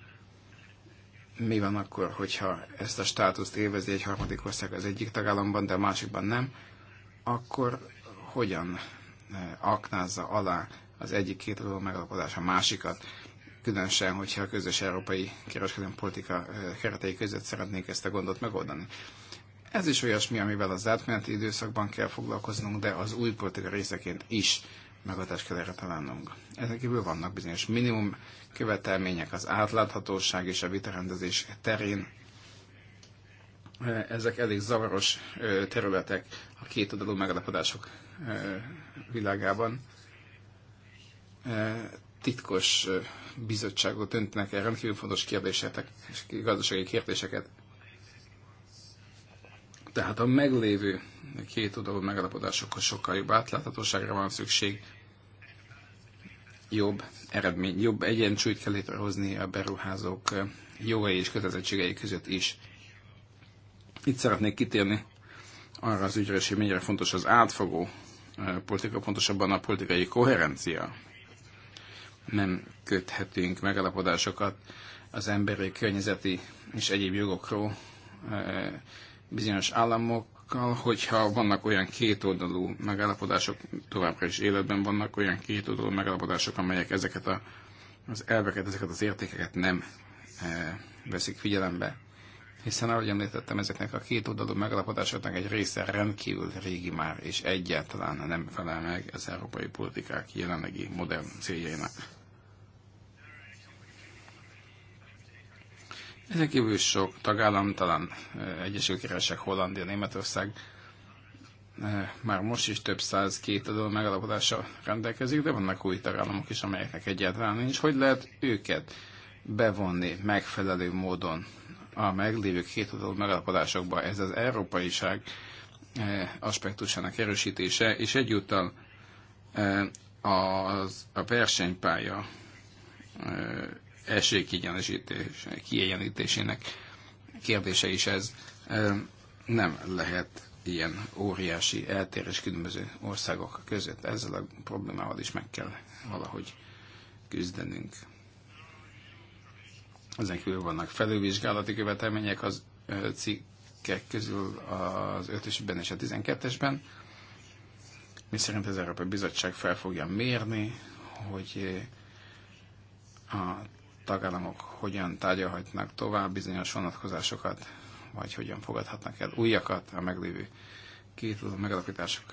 mi van akkor, hogyha ezt a státuszt élvezi egy harmadik ország az egyik tagállamban, de a másikban nem, akkor hogyan aknázza alá az egyik két adó megalapodás a másikat, különösen, hogyha a közös európai kereskedelmi politika keretei között szeretnék ezt a gondot megoldani. Ez is olyasmi, amivel az átmeneti időszakban kell foglalkoznunk, de az új politika részeként is megadást kell erre találnunk. Ezen kívül vannak bizonyos minimum követelmények az átláthatóság és a vitarendezés terén, ezek elég zavaros területek a két oldalú megállapodások világában. Titkos bizottságot döntnek el rendkívül fontos kérdéseket, gazdasági kérdéseket. Tehát a meglévő két oldalú megállapodásokhoz sokkal jobb átláthatóságra van szükség, jobb eredmény, jobb egyensúlyt kell létrehozni a beruházók jogai és kötelezettségei között is. Itt szeretnék kitérni arra az ügyre, hogy mennyire fontos az átfogó eh, politika, pontosabban a politikai koherencia. Nem köthetünk megalapodásokat az emberi, környezeti és egyéb jogokról eh, bizonyos államokkal, hogyha vannak olyan kétoldalú megállapodások, továbbra is életben vannak olyan kétoldalú megállapodások, amelyek ezeket a, az elveket, ezeket az értékeket nem eh, veszik figyelembe hiszen ahogy említettem, ezeknek a két oldalú megalapodásoknak egy része rendkívül régi már, és egyáltalán nem felel meg az európai politikák jelenlegi modern céljainak. Ezen kívül sok tagállam, talán eh, Egyesült Királyság, Hollandia, Németország eh, már most is több száz két adó megalapodása rendelkezik, de vannak új tagállamok is, amelyeknek egyáltalán nincs. Hogy lehet őket bevonni megfelelő módon a meglévő két adott megállapodásokba. Ez az európaiság eh, aspektusának erősítése, és egyúttal eh, az, a versenypálya eh, esélykiegyenlítésének kérdése is ez. Nem lehet ilyen óriási eltérés különböző országok között. Ezzel a problémával is meg kell valahogy küzdenünk. Ezen kívül vannak felülvizsgálati követelmények az cikkek közül az 5-ösben és a 12-esben, mi szerint az Európai Bizottság fel fogja mérni, hogy a tagállamok hogyan tárgyalhatnak tovább bizonyos vonatkozásokat, vagy hogyan fogadhatnak el újakat a meglévő két megalapítások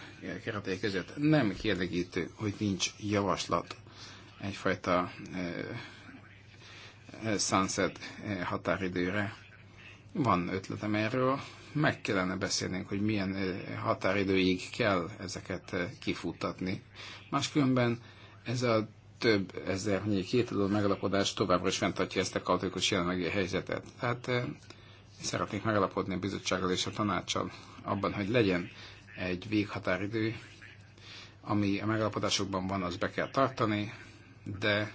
keretei között. Nem kielégítő, hogy nincs javaslat egyfajta sunset eh, határidőre. Van ötletem erről, meg kellene beszélnünk, hogy milyen eh, határidőig kell ezeket eh, kifutatni. Máskülönben ez a több ezernyi kétadó megalapodás továbbra is fenntartja ezt a kaotikus jelenlegi helyzetet. Tehát szeretnék megalapodni a bizottsággal és a tanácssal abban, hogy legyen egy véghatáridő, ami a megalapodásokban van, az be kell tartani, de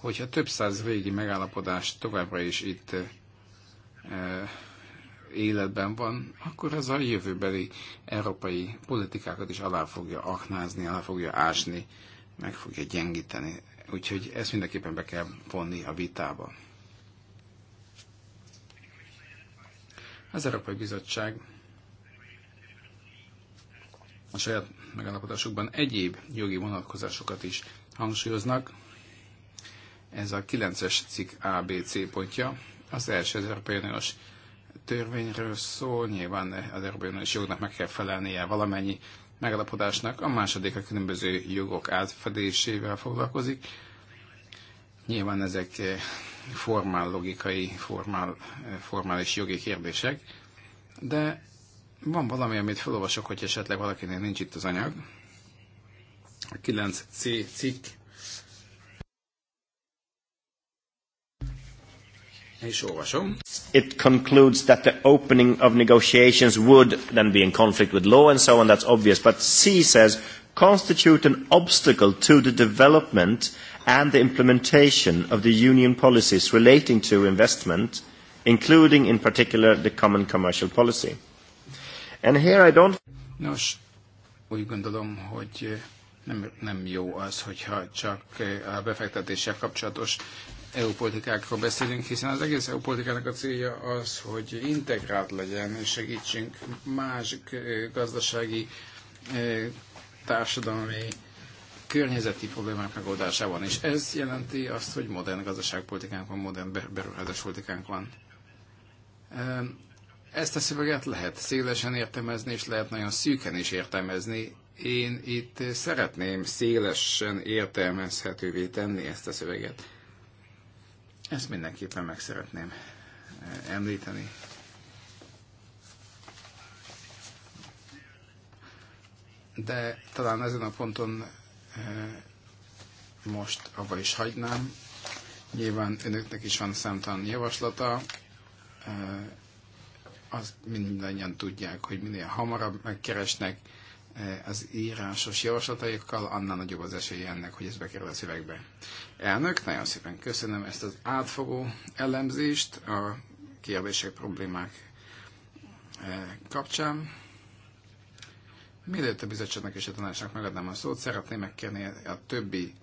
hogyha több száz régi megállapodás továbbra is itt eh, életben van, akkor az a jövőbeli európai politikákat is alá fogja aknázni, alá fogja ásni, meg fogja gyengíteni. Úgyhogy ezt mindenképpen be kell vonni a vitába. Az Európai Bizottság a saját megállapodásukban egyéb jogi vonatkozásokat is hangsúlyoznak, ez a 9-es cikk ABC pontja, az első az Európai Uniós törvényről szól, nyilván az Európai Uniós jognak meg kell felelnie valamennyi megalapodásnak, a második a különböző jogok átfedésével foglalkozik. Nyilván ezek eh, formál logikai, formál, eh, formális jogi kérdések, de van valami, amit felolvasok, hogy esetleg valakinek nincs itt az anyag. A 9C cikk És olvasom. It concludes that the opening of negotiations would then be in conflict with law and so on, that's obvious. But C says constitute an obstacle to the development and the implementation of the union policies relating to investment, including in particular the common commercial policy. And here I don't... Nos, úgy gondolom, hogy nem, nem jó az, hogyha csak a befektetéssel kapcsolatos EU politikákról beszélünk, hiszen az egész EU politikának a célja az, hogy integrált legyen, és segítsünk más gazdasági, társadalmi, környezeti problémák megoldásában. És ez jelenti azt, hogy modern gazdaságpolitikánk van, modern beruházás politikánk van. Ezt a szöveget lehet szélesen értelmezni, és lehet nagyon szűken is értelmezni. Én itt szeretném szélesen értelmezhetővé tenni ezt a szöveget ezt mindenképpen meg szeretném eh, említeni. De talán ezen a ponton eh, most abba is hagynám. Nyilván önöknek is van számtalan javaslata. Eh, azt mindannyian tudják, hogy minél hamarabb megkeresnek, Eh, az írásos javaslataikkal, annál nagyobb az esély ennek, hogy ez bekerül a szövegbe. Elnök, nagyon szépen köszönöm ezt az átfogó elemzést a kérdések, problémák eh, kapcsán. Mielőtt a bizottságnak és a tanácsnak megadnám a szót, szeretném megkérni a többi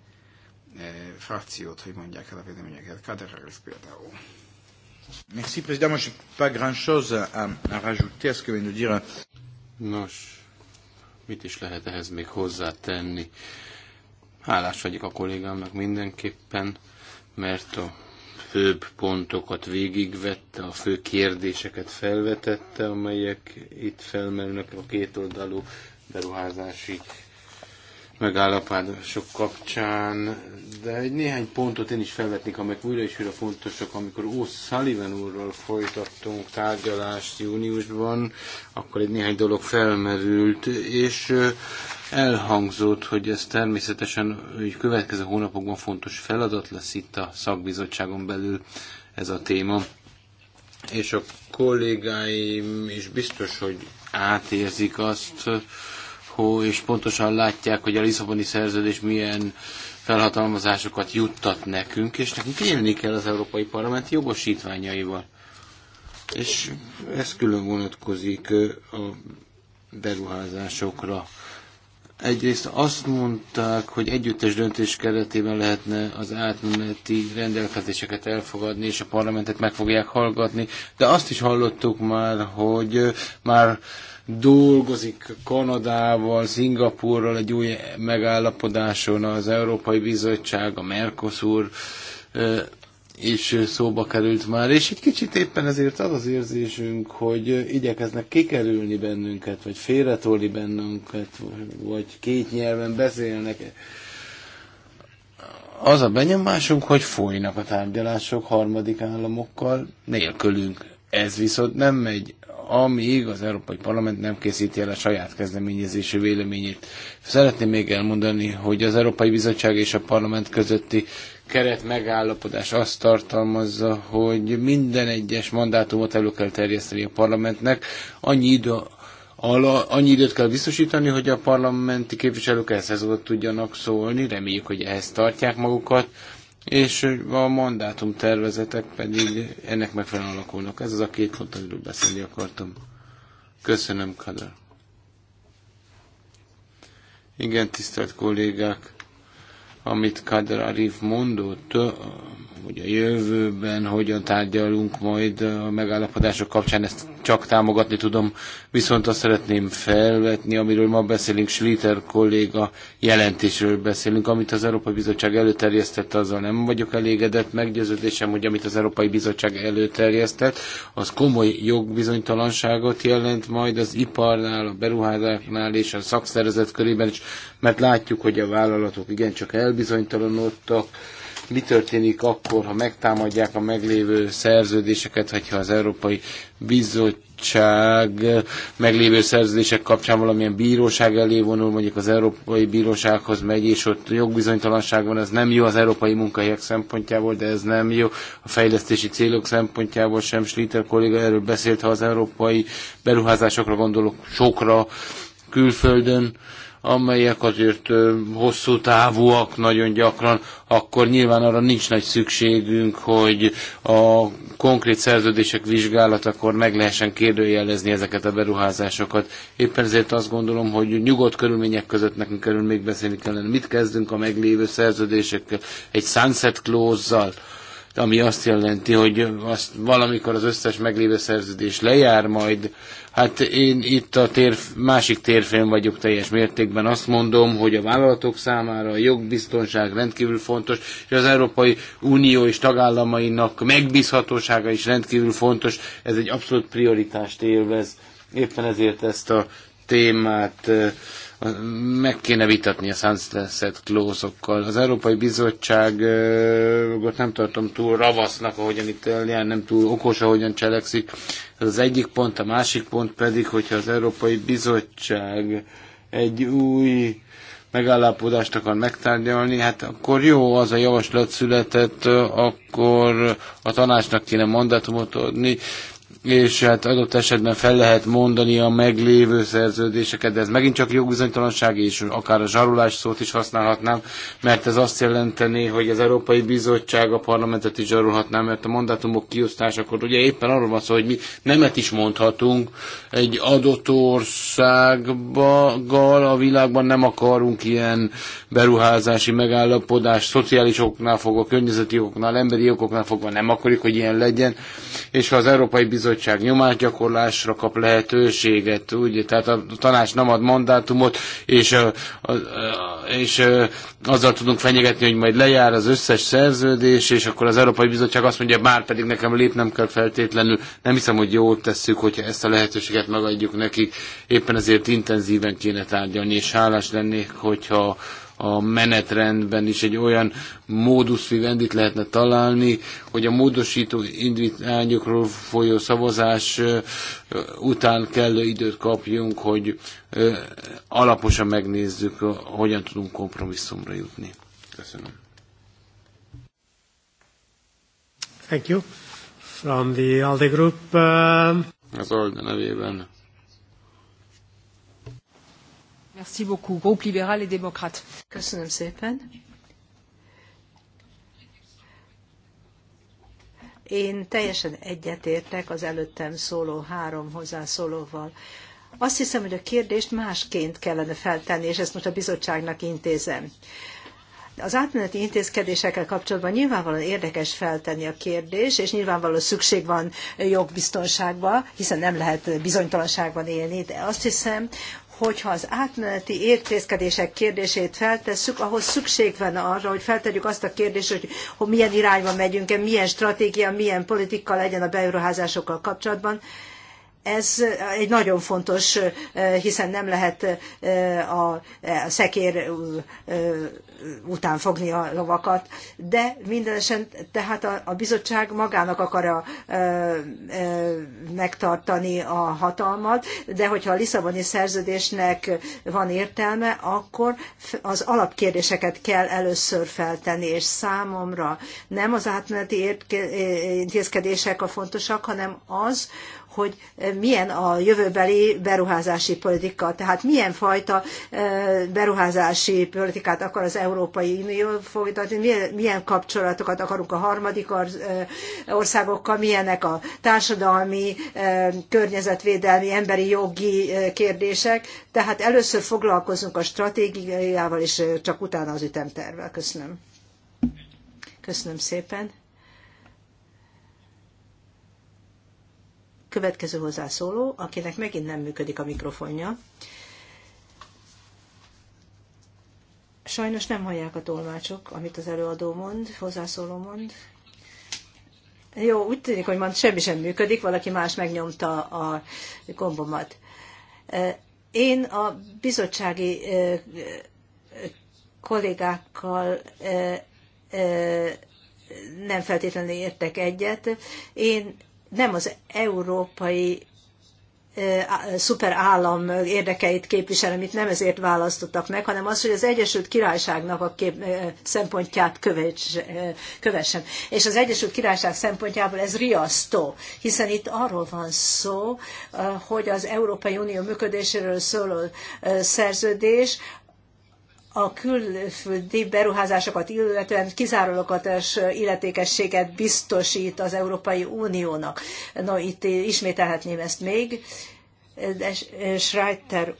eh, frakciót, hogy mondják el a véleményeket. Kader például. Merci, président. Moi, je pas grand-chose à, à rajouter à ce que vient de dire. Euh, Nos, mit is lehet ehhez még hozzátenni. Hálás vagyok a kollégámnak mindenképpen, mert a főbb pontokat végigvette, a fő kérdéseket felvetette, amelyek itt felmerülnek a kétoldalú beruházási megállapodások kapcsán de egy néhány pontot én is felvetnék, amelyek újra és újra fontosak. Amikor Ó Sullivan úrról folytattunk tárgyalást júniusban, akkor egy néhány dolog felmerült, és elhangzott, hogy ez természetesen hogy következő hónapokban fontos feladat lesz itt a szakbizottságon belül ez a téma. És a kollégáim is biztos, hogy átérzik azt, hogy, és pontosan látják, hogy a Lisszaboni szerződés milyen felhatalmazásokat juttat nekünk, és nekünk élni kell az Európai Parlament jogosítványaival. És ez külön vonatkozik a beruházásokra. Egyrészt azt mondták, hogy együttes döntés keretében lehetne az átmeneti rendelkezéseket elfogadni, és a parlamentet meg fogják hallgatni, de azt is hallottuk már, hogy már dolgozik Kanadával, Szingapurral egy új megállapodáson, az Európai Bizottság, a Mercosur is szóba került már, és egy kicsit éppen ezért az az érzésünk, hogy igyekeznek kikerülni bennünket, vagy félretolni bennünket, vagy két nyelven beszélnek. Az a benyomásunk, hogy folynak a tárgyalások harmadik államokkal nélkülünk. Ez viszont nem megy amíg az Európai Parlament nem készíti el a saját kezdeményezésű véleményét. Szeretném még elmondani, hogy az Európai Bizottság és a Parlament közötti keret megállapodás azt tartalmazza, hogy minden egyes mandátumot elő kell terjeszteni a parlamentnek, annyi idő, ala, annyi időt kell biztosítani, hogy a parlamenti képviselők ezt tudjanak szólni, reméljük, hogy ehhez tartják magukat, és a mandátum tervezetek pedig ennek megfelelően alakulnak. Ez az a két pont, amiről beszélni akartam. Köszönöm, Kader. Igen, tisztelt kollégák, amit Kader Arif mondott, hogy a jövőben hogyan tárgyalunk majd a megállapodások kapcsán, ezt csak támogatni tudom, viszont azt szeretném felvetni, amiről ma beszélünk, Sliter kolléga jelentésről beszélünk, amit az Európai Bizottság előterjesztett, azzal nem vagyok elégedett, meggyőződésem, hogy amit az Európai Bizottság előterjesztett, az komoly jogbizonytalanságot jelent majd az iparnál, a beruházásnál és a szakszervezet körében is, mert látjuk, hogy a vállalatok igencsak elbizonytalanodtak, mi történik akkor, ha megtámadják a meglévő szerződéseket, hogyha az Európai Bizottság meglévő szerződések kapcsán valamilyen bíróság elé vonul, mondjuk az Európai Bírósághoz megy, és ott jogbizonytalanság van, ez nem jó az európai munkahelyek szempontjából, de ez nem jó a fejlesztési célok szempontjából sem. Schlitter kolléga erről beszélt, ha az európai beruházásokra gondolok sokra külföldön, amelyek azért hosszú távúak nagyon gyakran, akkor nyilván arra nincs nagy szükségünk, hogy a konkrét szerződések vizsgálatakor meg lehessen kérdőjelezni ezeket a beruházásokat. Éppen ezért azt gondolom, hogy nyugodt körülmények között nekünk körül még beszélni kellene. Mit kezdünk a meglévő szerződésekkel? Egy sunset clause-zal? ami azt jelenti, hogy azt valamikor az összes meglévő szerződés lejár majd, Hát én itt a térf, másik térfén vagyok teljes mértékben. Azt mondom, hogy a vállalatok számára a jogbiztonság rendkívül fontos, és az Európai Unió és tagállamainak megbízhatósága is rendkívül fontos. Ez egy abszolút prioritást élvez. Éppen ezért ezt a témát eh, meg kéne vitatni a sunset klózokkal. Az Európai Bizottságot nem tartom túl ravasznak, ahogyan itt eljár, nem túl okos, ahogyan cselekszik. Ez az egyik pont, a másik pont pedig, hogyha az Európai Bizottság egy új megállapodást akar megtárgyalni, hát akkor jó, az a javaslat született, akkor a tanácsnak kéne mandátumot adni, és hát adott esetben fel lehet mondani a meglévő szerződéseket, de ez megint csak jogbizonytalanság, és akár a zsarulás szót is használhatnám, mert ez azt jelenteni, hogy az Európai Bizottság a parlamentet is zsarulhatná, mert a mandátumok kiosztásakor ugye éppen arról van szó, hogy mi nemet is mondhatunk egy adott országgal a világban nem akarunk ilyen beruházási megállapodást, szociális oknál fogva, környezeti oknál, emberi okoknál fogva nem akarjuk, hogy ilyen legyen, és ha az Európai Bizottság bizottság nyomásgyakorlásra kap lehetőséget, úgy, tehát a tanács nem ad mandátumot, és, a, a, és a, azzal tudunk fenyegetni, hogy majd lejár az összes szerződés, és akkor az Európai Bizottság azt mondja, már pedig nekem lépnem kell feltétlenül. Nem hiszem, hogy jól tesszük, hogyha ezt a lehetőséget megadjuk nekik. Éppen ezért intenzíven kéne tárgyalni, és hálás lennék, hogyha a menetrendben is egy olyan módusz vivendit lehetne találni, hogy a módosító indítványokról folyó szavazás után kellő időt kapjunk, hogy alaposan megnézzük, hogyan tudunk kompromisszumra jutni. Köszönöm. Thank you. From the ALDE group. Uh... Az ALDE nevében Merci beaucoup. Groupe libéral et démocrate. Köszönöm szépen. Én teljesen egyetértek az előttem szóló három hozzászólóval. Azt hiszem, hogy a kérdést másként kellene feltenni, és ezt most a bizottságnak intézem. Az átmeneti intézkedésekkel kapcsolatban nyilvánvalóan érdekes feltenni a kérdés, és nyilvánvalóan szükség van jogbiztonságba, hiszen nem lehet bizonytalanságban élni, de azt hiszem, hogyha az átmeneti értészkedések kérdését feltesszük, ahhoz szükség van arra, hogy feltegyük azt a kérdést, hogy, hogy milyen irányba megyünk-e, milyen stratégia, milyen politika legyen a beruházásokkal kapcsolatban. Ez egy nagyon fontos, eh, hiszen nem lehet eh, a szekér eh, után fogni a lovakat, de mindenesen tehát a, a bizottság magának akarja megtartani a hatalmat, de hogyha a Lisszaboni szerződésnek van értelme, akkor az alapkérdéseket kell először feltenni, és számomra nem az átmeneti intézkedések a fontosak, hanem az, hogy milyen a jövőbeli beruházási politika, tehát milyen fajta e, beruházási politikát akar az Európai Unió folytatni, milyen kapcsolatokat akarunk a harmadik e, országokkal, milyenek a társadalmi, e, környezetvédelmi, emberi jogi kérdések. Tehát először foglalkozunk a stratégiával, és csak utána az ütemtervvel. Köszönöm. Köszönöm szépen. következő hozzászóló, akinek megint nem működik a mikrofonja. Sajnos nem hallják a tolmácsok, amit az előadó mond, hozzászóló mond. Jó, úgy tűnik, hogy mond, semmi sem működik, valaki más megnyomta a gombomat. E, én a bizottsági e, kollégákkal e, nem feltétlenül értek egyet. Én nem az európai szuperállam érdekeit képviselem, amit nem ezért választottak meg, hanem az, hogy az Egyesült Királyságnak a kép, szempontját kövessem. És az Egyesült Királyság szempontjából ez riasztó, hiszen itt arról van szó, hogy az Európai Unió működéséről szóló szerződés a külföldi beruházásokat illetően kizárólagos illetékességet biztosít az Európai Uniónak. No, itt ismételhetném ezt még. Schreiter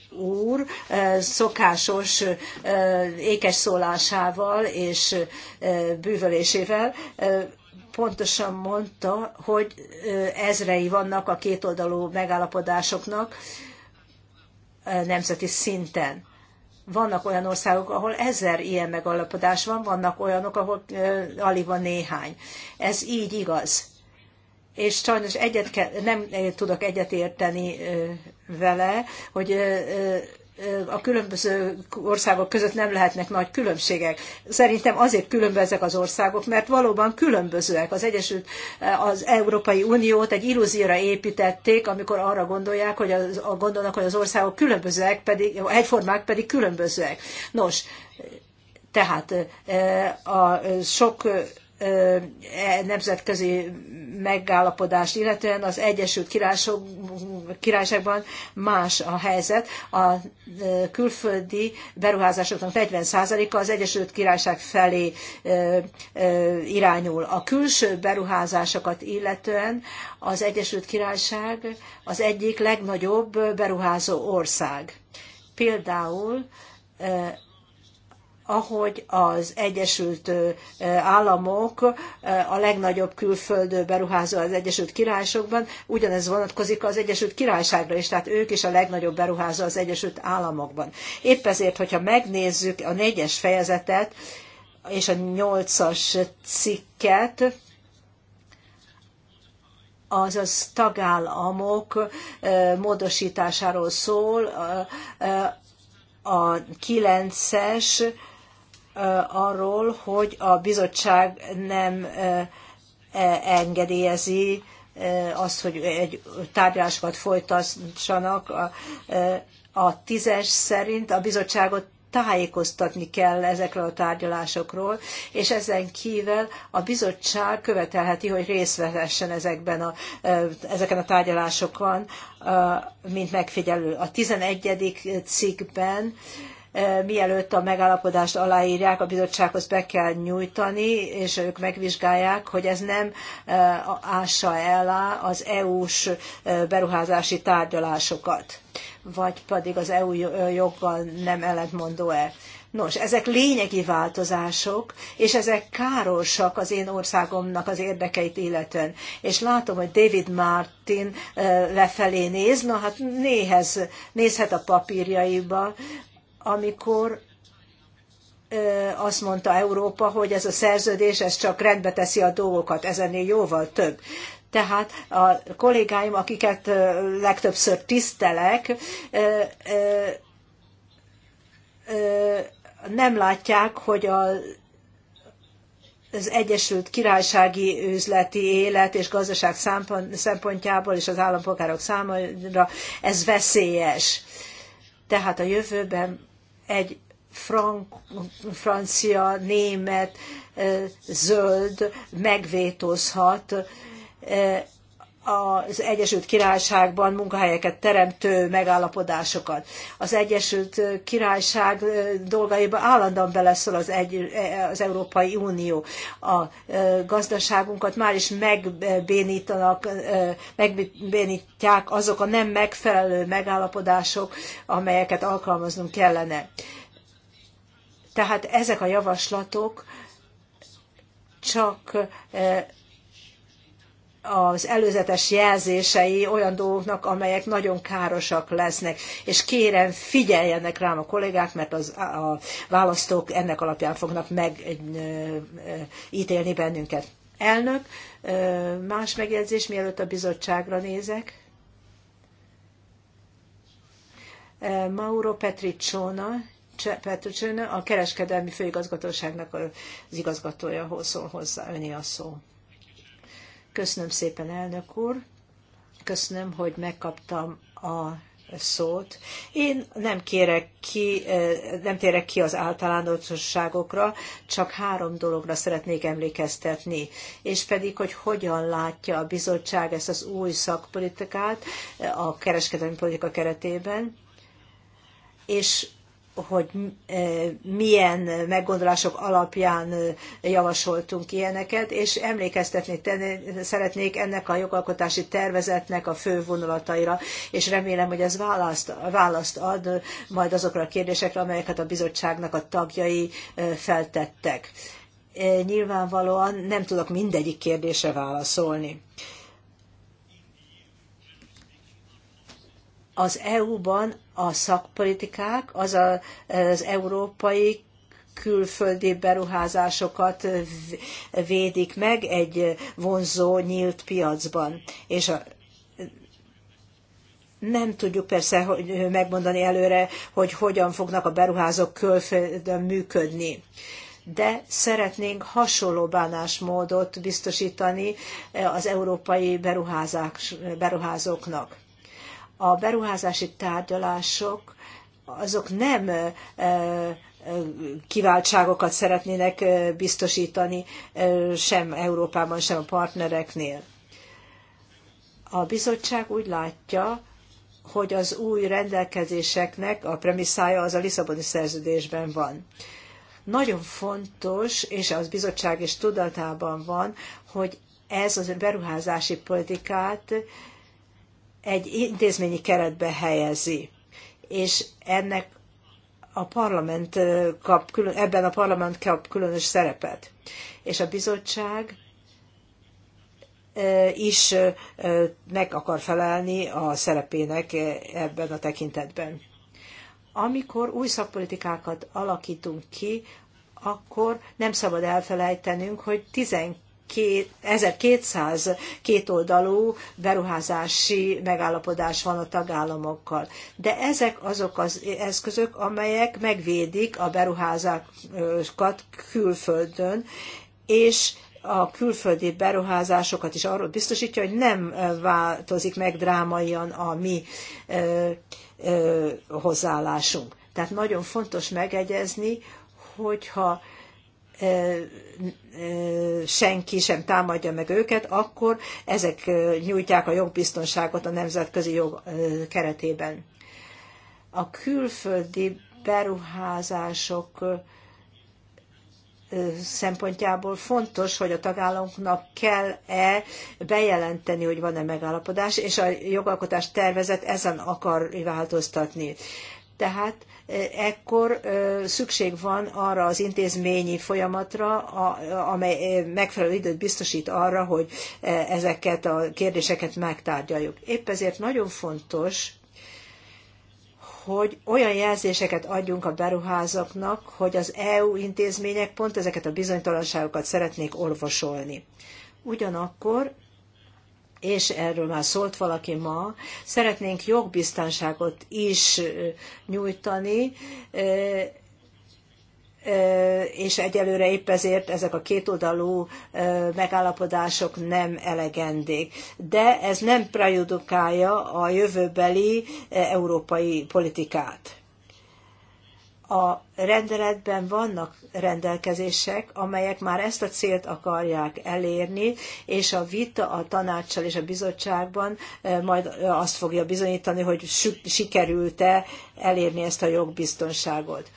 úr eh, szokásos eh, ékes szólásával és eh, bűvölésével pontosan mondta, hogy ezrei vannak a kétoldalú megállapodásoknak nemzeti szinten vannak olyan országok, ahol ezer ilyen megalapodás van, vannak olyanok, ahol alig van néhány. Ez így igaz. És sajnos egyet ke- nem tudok egyetérteni vele, hogy a különböző országok között nem lehetnek nagy különbségek. Szerintem azért különböznek az országok, mert valóban különbözőek. Az Egyesült, az Európai Uniót egy illúzióra építették, amikor arra gondolják, hogy az, gondolnak, hogy az országok különbözőek, pedig, egyformák pedig különbözőek. Nos, tehát e, a sok E nemzetközi megállapodást illetően az Egyesült Királyság, Királyságban más a helyzet. A külföldi beruházásoknak 40%-a az Egyesült Királyság felé irányul. A külső beruházásokat illetően az Egyesült Királyság az egyik legnagyobb beruházó ország. Például ahogy az Egyesült Államok a legnagyobb külföld beruházó az Egyesült Királyságban, ugyanez vonatkozik az Egyesült Királyságra is, tehát ők is a legnagyobb beruházó az Egyesült Államokban. Épp ezért, hogyha megnézzük a négyes fejezetet és a nyolcas cikket, azaz tagállamok módosításáról szól, a kilences arról, hogy a bizottság nem e, engedélyezi azt, hogy egy tárgyalásokat folytassanak. A tízes szerint a bizottságot tájékoztatni kell ezekről a tárgyalásokról, és ezen kívül a bizottság követelheti, hogy részt vehessen ezekben a, ezeken a tárgyalásokon, mint megfigyelő. A 11. cikkben mielőtt a megállapodást aláírják, a bizottsághoz be kell nyújtani, és ők megvizsgálják, hogy ez nem ássa el az EU-s beruházási tárgyalásokat, vagy pedig az EU joggal nem ellentmondó-e. Nos, ezek lényegi változások, és ezek károsak az én országomnak az érdekeit illetően. És látom, hogy David Martin lefelé néz, na hát néhez, nézhet a papírjaiba, amikor azt mondta Európa, hogy ez a szerződés, ez csak rendbe teszi a dolgokat, ez ennél jóval több. Tehát a kollégáim, akiket legtöbbször tisztelek, nem látják, hogy a, az Egyesült Királysági üzleti élet és gazdaság szempontjából és az állampolgárok számára ez veszélyes. Tehát a jövőben egy frank, francia, német, zöld megvétózhat az Egyesült Királyságban munkahelyeket teremtő megállapodásokat. Az Egyesült Királyság dolgaiba állandóan beleszól az, egy, az Európai Unió. A gazdaságunkat már is megbénítanak, megbénítják azok a nem megfelelő megállapodások, amelyeket alkalmaznunk kellene. Tehát ezek a javaslatok csak az előzetes jelzései olyan dolgoknak, amelyek nagyon károsak lesznek, és kérem figyeljenek rám a kollégák, mert az, a választók ennek alapján fognak megítélni bennünket. Elnök, más megjegyzés, mielőtt a bizottságra nézek? Mauro Petricciona, Petricciona a kereskedelmi főigazgatóságnak az igazgatója szól hozzá, öné a szó. Köszönöm szépen, elnök úr. Köszönöm, hogy megkaptam a szót. Én nem kérek ki, nem térek ki az általánosságokra, csak három dologra szeretnék emlékeztetni, és pedig, hogy hogyan látja a bizottság ezt az új szakpolitikát a kereskedelmi politika keretében, és hogy eh, milyen meggondolások alapján eh, javasoltunk ilyeneket, és emlékeztetni szeretnék ennek a jogalkotási tervezetnek a fő vonulataira, és remélem, hogy ez választ, választ ad majd azokra a kérdésekre, amelyeket a bizottságnak a tagjai eh, feltettek. Nyilvánvalóan nem tudok mindegyik kérdésre válaszolni. Az EU-ban a szakpolitikák, az a, az európai külföldi beruházásokat védik meg egy vonzó, nyílt piacban. És a, nem tudjuk persze hogy megmondani előre, hogy hogyan fognak a beruházók külföldön működni. De szeretnénk hasonló bánásmódot biztosítani az európai beruházóknak a beruházási tárgyalások azok nem kiváltságokat szeretnének biztosítani sem Európában, sem a partnereknél. A bizottság úgy látja, hogy az új rendelkezéseknek a premisszája az a Lisszaboni szerződésben van. Nagyon fontos, és az bizottság is tudatában van, hogy ez az beruházási politikát egy intézményi keretbe helyezi. És ennek a parlament kap, külön, ebben a parlament kap különös szerepet. És a bizottság is meg akar felelni a szerepének ebben a tekintetben. Amikor új szakpolitikákat alakítunk ki, akkor nem szabad elfelejtenünk, hogy 12 1200 kétoldalú beruházási megállapodás van a tagállamokkal. De ezek azok az eszközök, amelyek megvédik a beruházákat külföldön, és a külföldi beruházásokat is arról biztosítja, hogy nem változik meg drámaian a mi ö, ö, hozzáállásunk. Tehát nagyon fontos megegyezni, hogyha senki sem támadja meg őket, akkor ezek nyújtják a jogbiztonságot a nemzetközi jog keretében. A külföldi beruházások szempontjából fontos, hogy a tagállamoknak kell-e bejelenteni, hogy van-e megállapodás, és a jogalkotás tervezet ezen akar változtatni. Tehát ekkor szükség van arra az intézményi folyamatra, amely megfelelő időt biztosít arra, hogy ezeket a kérdéseket megtárgyaljuk. Épp ezért nagyon fontos, hogy olyan jelzéseket adjunk a beruházóknak, hogy az EU intézmények pont ezeket a bizonytalanságokat szeretnék orvosolni. Ugyanakkor és erről már szólt valaki ma, szeretnénk jogbiztonságot is nyújtani, és egyelőre épp ezért ezek a kétoldalú megállapodások nem elegendék. De ez nem prejudikálja a jövőbeli európai politikát a rendeletben vannak rendelkezések, amelyek már ezt a célt akarják elérni, és a vita a tanácssal és a bizottságban eh, majd eh, azt fogja bizonyítani, hogy sikerült-e elérni ezt a jogbiztonságot.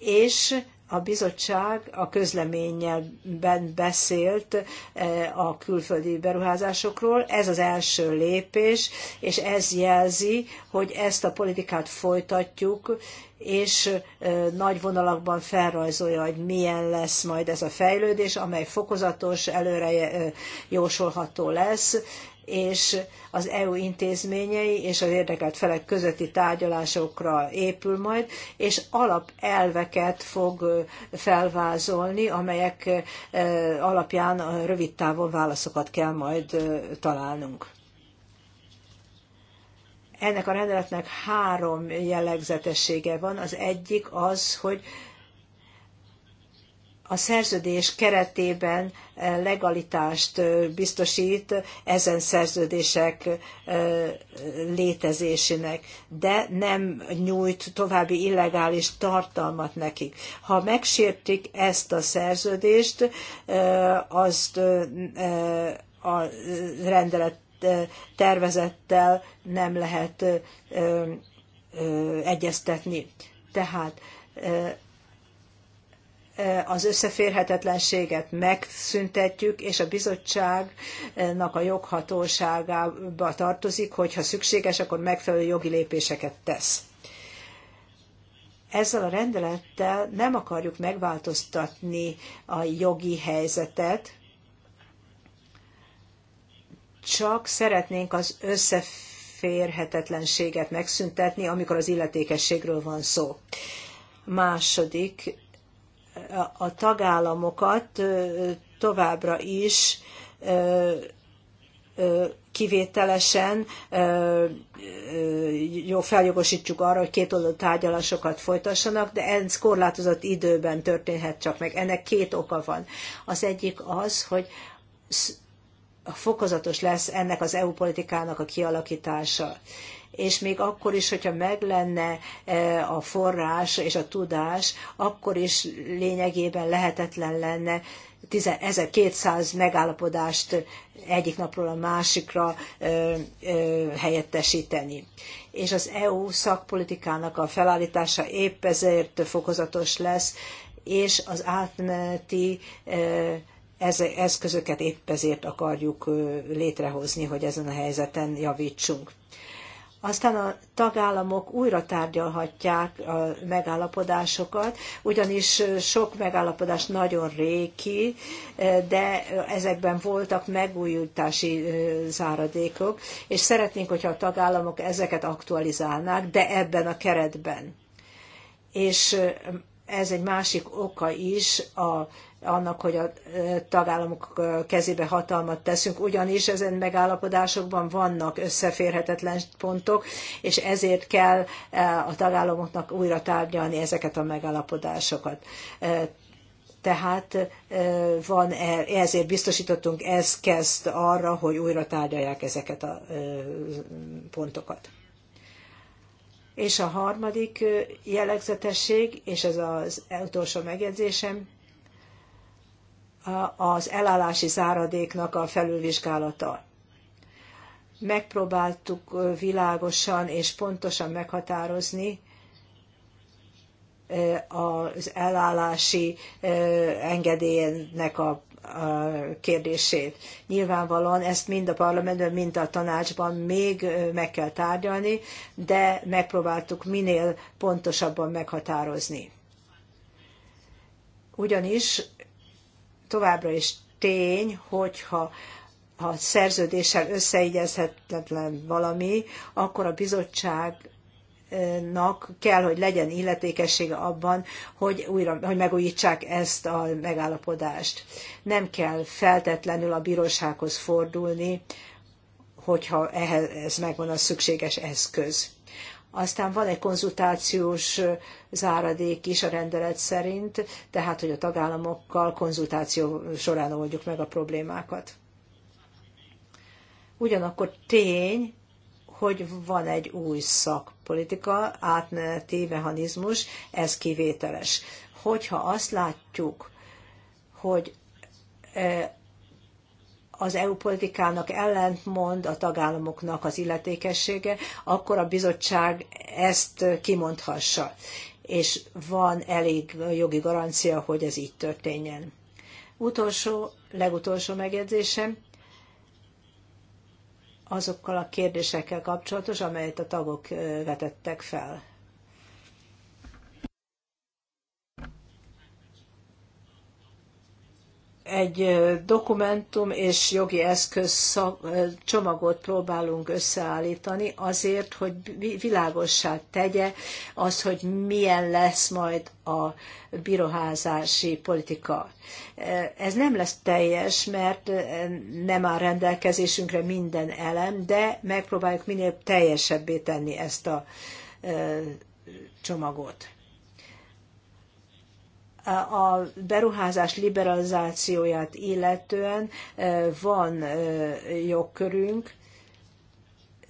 És a bizottság a közleményben beszélt eh, a külföldi beruházásokról. Ez az első lépés, és ez jelzi, hogy ezt a politikát folytatjuk, és nagy vonalakban felrajzolja, hogy milyen lesz majd ez a fejlődés, amely fokozatos, előre jósolható lesz, és az EU intézményei és az érdekelt felek közötti tárgyalásokra épül majd, és alapelveket fog felvázolni, amelyek alapján rövid távon válaszokat kell majd találnunk. Ennek a rendeletnek három jellegzetessége van. Az egyik az, hogy a szerződés keretében eh, legalitást eh, biztosít ezen szerződések eh, létezésének, de nem nyújt további illegális tartalmat nekik. Ha megsértik ezt a szerződést, azt a rendelet tervezettel nem lehet egyeztetni. Tehát az összeférhetetlenséget megszüntetjük, és a bizottságnak a joghatóságába tartozik, hogyha szükséges, akkor megfelelő jogi lépéseket tesz. Ezzel a rendelettel nem akarjuk megváltoztatni a jogi helyzetet, csak szeretnénk az összeférhetetlenséget megszüntetni, amikor az illetékességről van szó. Második, a tagállamokat továbbra is kivételesen jó, feljogosítjuk arra, hogy kétoldalú tárgyalásokat folytassanak, de ez korlátozott időben történhet csak meg. Ennek két oka van. Az egyik az, hogy fokozatos lesz ennek az EU politikának a kialakítása. És még akkor is, hogyha meg lenne e, a forrás és a tudás, akkor is lényegében lehetetlen lenne 1200 megállapodást egyik napról a másikra e, e, helyettesíteni. És az EU szakpolitikának a felállítása épp ezért fokozatos lesz, és az átmeneti ez, eszközöket épp ezért akarjuk létrehozni, hogy ezen a helyzeten javítsunk. Aztán a tagállamok újra tárgyalhatják a megállapodásokat, ugyanis sok megállapodás nagyon régi, de ezekben voltak megújítási záradékok, és szeretnénk, hogyha a tagállamok ezeket aktualizálnák, de ebben a keretben. És ez egy másik oka is a annak, hogy a tagállamok kezébe hatalmat teszünk, ugyanis ezen megállapodásokban vannak összeférhetetlen pontok, és ezért kell a tagállamoknak újra tárgyalni ezeket a megállapodásokat. Tehát van, e, ezért biztosítottunk kezd arra, hogy újra tárgyalják ezeket a pontokat. És a harmadik jellegzetesség, és ez az utolsó megjegyzésem, az elállási záradéknak a felülvizsgálata. Megpróbáltuk világosan és pontosan meghatározni az elállási engedélynek a kérdését. Nyilvánvalóan ezt mind a parlamentben, mind a tanácsban még meg kell tárgyalni, de megpróbáltuk minél pontosabban meghatározni. Ugyanis továbbra is tény, hogyha ha szerződéssel összeigyezhetetlen valami, akkor a bizottságnak kell, hogy legyen illetékessége abban, hogy, újra, hogy megújítsák ezt a megállapodást. Nem kell feltetlenül a bírósághoz fordulni, hogyha ehhez ez megvan a szükséges eszköz. Aztán van egy konzultációs záradék is a rendelet szerint, tehát hogy a tagállamokkal konzultáció során oldjuk meg a problémákat. Ugyanakkor tény, hogy van egy új szakpolitika, átmeneti mechanizmus, ez kivételes. Hogyha azt látjuk, hogy az EU politikának ellentmond a tagállamoknak az illetékessége, akkor a bizottság ezt kimondhassa. És van elég jogi garancia, hogy ez így történjen. Utolsó, legutolsó megjegyzésem azokkal a kérdésekkel kapcsolatos, amelyet a tagok vetettek fel. egy dokumentum és jogi eszköz csomagot próbálunk összeállítani azért, hogy világossá tegye az, hogy milyen lesz majd a biroházási politika. Ez nem lesz teljes, mert nem áll rendelkezésünkre minden elem, de megpróbáljuk minél teljesebbé tenni ezt a csomagot. A beruházás liberalizációját illetően van jogkörünk,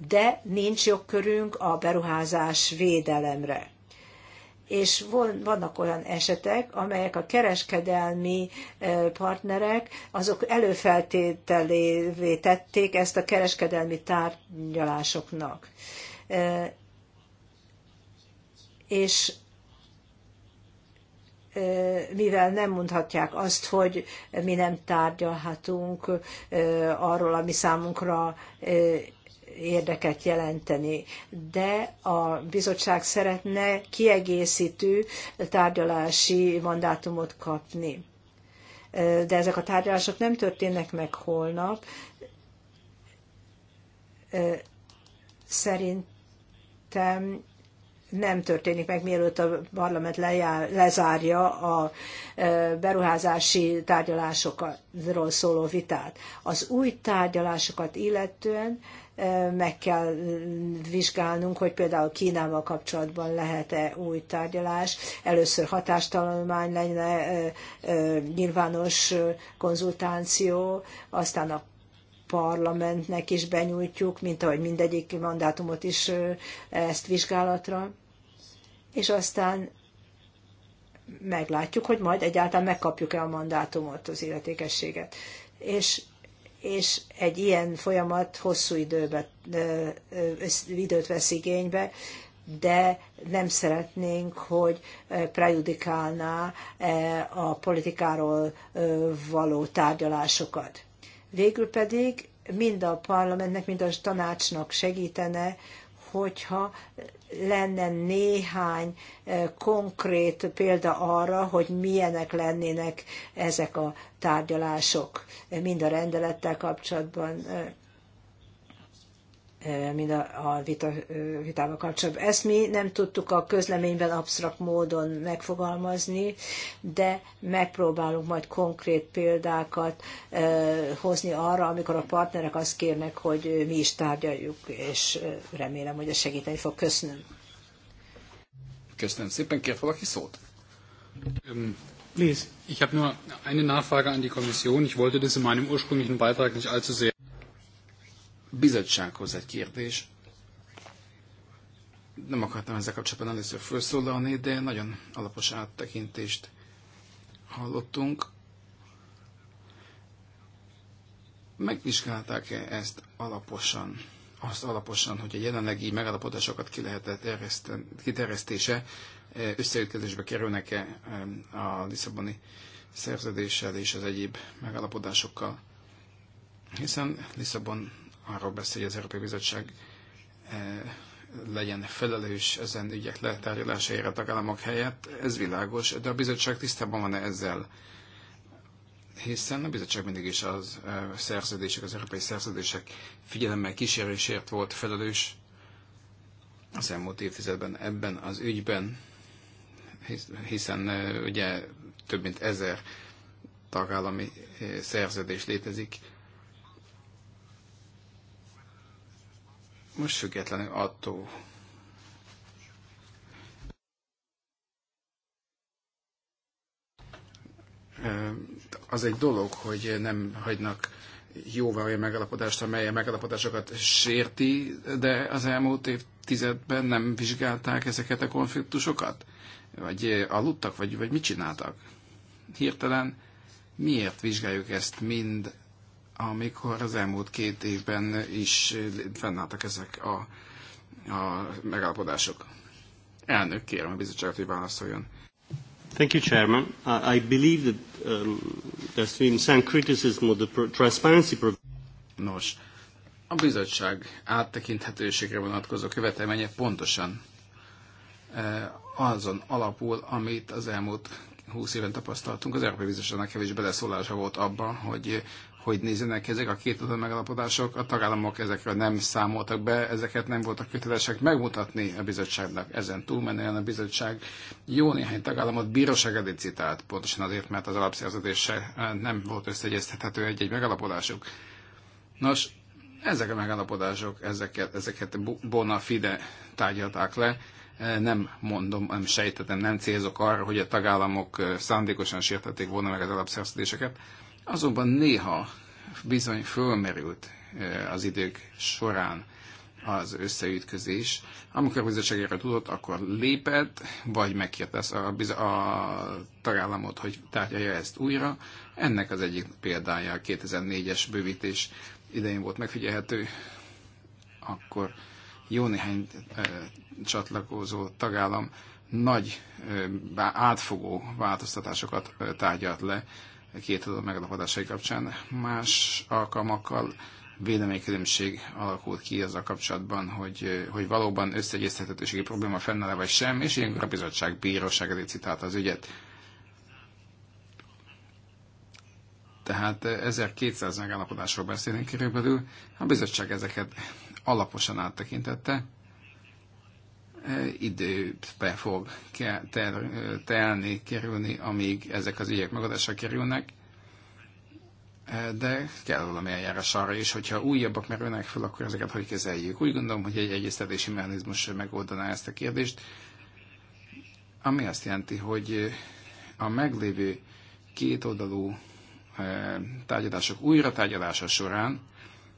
de nincs jogkörünk a beruházás védelemre. És vannak olyan esetek, amelyek a kereskedelmi partnerek, azok előfeltételévé tették ezt a kereskedelmi tárgyalásoknak. És mivel nem mondhatják azt, hogy mi nem tárgyalhatunk arról, ami számunkra érdeket jelenteni, de a bizottság szeretne kiegészítő tárgyalási mandátumot kapni. De ezek a tárgyalások nem történnek meg holnap. Szerintem nem történik meg, mielőtt a parlament lejár, lezárja a beruházási tárgyalásokról szóló vitát. Az új tárgyalásokat illetően meg kell vizsgálnunk, hogy például Kínával kapcsolatban lehet-e új tárgyalás. Először hatástalanulmány lenne, nyilvános konzultáció, aztán a parlamentnek is benyújtjuk, mint ahogy mindegyik mandátumot is ezt vizsgálatra és aztán meglátjuk, hogy majd egyáltalán megkapjuk-e a mandátumot, az illetékességet. És, és egy ilyen folyamat hosszú időbe, ö, ö, időt vesz igénybe, de nem szeretnénk, hogy prejudikálná a politikáról való tárgyalásokat. Végül pedig mind a parlamentnek, mind a tanácsnak segítene, hogyha lenne néhány eh, konkrét példa arra, hogy milyenek lennének ezek a tárgyalások, eh, mind a rendelettel kapcsolatban, eh, mind a, a vita, vitával kapcsolatban. Ezt mi nem tudtuk a közleményben absztrakt módon megfogalmazni, de megpróbálunk majd konkrét példákat hozni arra, amikor a partnerek azt kérnek, hogy mi is tárgyaljuk, és remélem, hogy ez segíteni fog. Köszönöm. Köszönöm szépen. Kért valaki szót? Um, please. Ich habe nur eine Nachfrage an die Kommission. Ich wollte das in meinem ursprünglichen Beitrag nicht allzu sehr bizottsághoz egy kérdés. Nem akartam ezzel kapcsolatban először felszólalni, de nagyon alapos áttekintést hallottunk. Megvizsgálták-e ezt alaposan? Azt alaposan, hogy a jelenlegi megalapodásokat ki lehetett kiterjesztése e, összeütkezésbe kerülnek-e e, a Lisszaboni szerződéssel és az egyéb megalapodásokkal? Hiszen Lisszabon arról beszél, hogy az Európai Bizottság eh, legyen felelős ezen ügyek letárgyalásaira a tagállamok helyett, ez világos, de a bizottság tisztában van-e ezzel? Hiszen a bizottság mindig is az eh, szerződések, az európai szerződések figyelemmel kísérésért volt felelős az elmúlt évtizedben ebben az ügyben, hiszen eh, ugye több mint ezer tagállami szerződés létezik, Most függetlenül attól, az egy dolog, hogy nem hagynak jóvá olyan megalapodást, amely a megalapodásokat sérti, de az elmúlt évtizedben nem vizsgálták ezeket a konfliktusokat? Vagy aludtak, vagy, vagy mit csináltak? Hirtelen miért vizsgáljuk ezt mind amikor az elmúlt két évben is fennálltak ezek a, a megállapodások. Elnök, kérem a bizottságot, hogy válaszoljon. Thank you, Chairman. I, believe that um, there's been some criticism of the transparency Nos, a bizottság áttekinthetőségre vonatkozó követelménye pontosan e, azon alapul, amit az elmúlt húsz éven tapasztaltunk. Az Európai Bizottságnak kevés beleszólása volt abban, hogy hogy nézzenek ezek a két oldalú megalapodások. A tagállamok ezekről nem számoltak be, ezeket nem voltak kötelesek megmutatni a bizottságnak. Ezen túlmenően a bizottság jó néhány tagállamot bíróság elé citált, pontosan azért, mert az alapszerződése eh, nem volt összeegyeztethető egy-egy megalapodásuk. Nos, ezek a megállapodások, ezeket, ezeket bona fide tárgyalták le, eh, nem mondom, nem sejtetem, nem célzok arra, hogy a tagállamok eh, szándékosan sértették volna meg az alapszerződéseket, Azonban néha bizony fölmerült az idők során az összeütközés. Amikor a bizottság tudott, akkor lépett, vagy megkérte a, biz- a tagállamot, hogy tárgyalja ezt újra. Ennek az egyik példája a 2004-es bővítés idején volt megfigyelhető. Akkor jó néhány e, csatlakozó tagállam nagy e, átfogó változtatásokat e, tárgyalt le két adó megalapodásai kapcsán. Más alkalmakkal véleménykülönbség alakult ki a kapcsolatban, hogy, hogy valóban összeegyeztethetőségi probléma fennáll vagy sem, és ilyenkor a bizottság bíróság elé citálta az ügyet. Tehát 1200 megállapodásról beszélünk körülbelül. A bizottság ezeket alaposan áttekintette, időbe fog telni, kerülni, amíg ezek az ügyek megadásra kerülnek, de kell valami eljárás arra is, hogyha újabbak merülnek fel, akkor ezeket hogy kezeljük. Úgy gondolom, hogy egy egyeztetési mechanizmus megoldaná ezt a kérdést, ami azt jelenti, hogy a meglévő kétoldalú tárgyalások újra tárgyalása során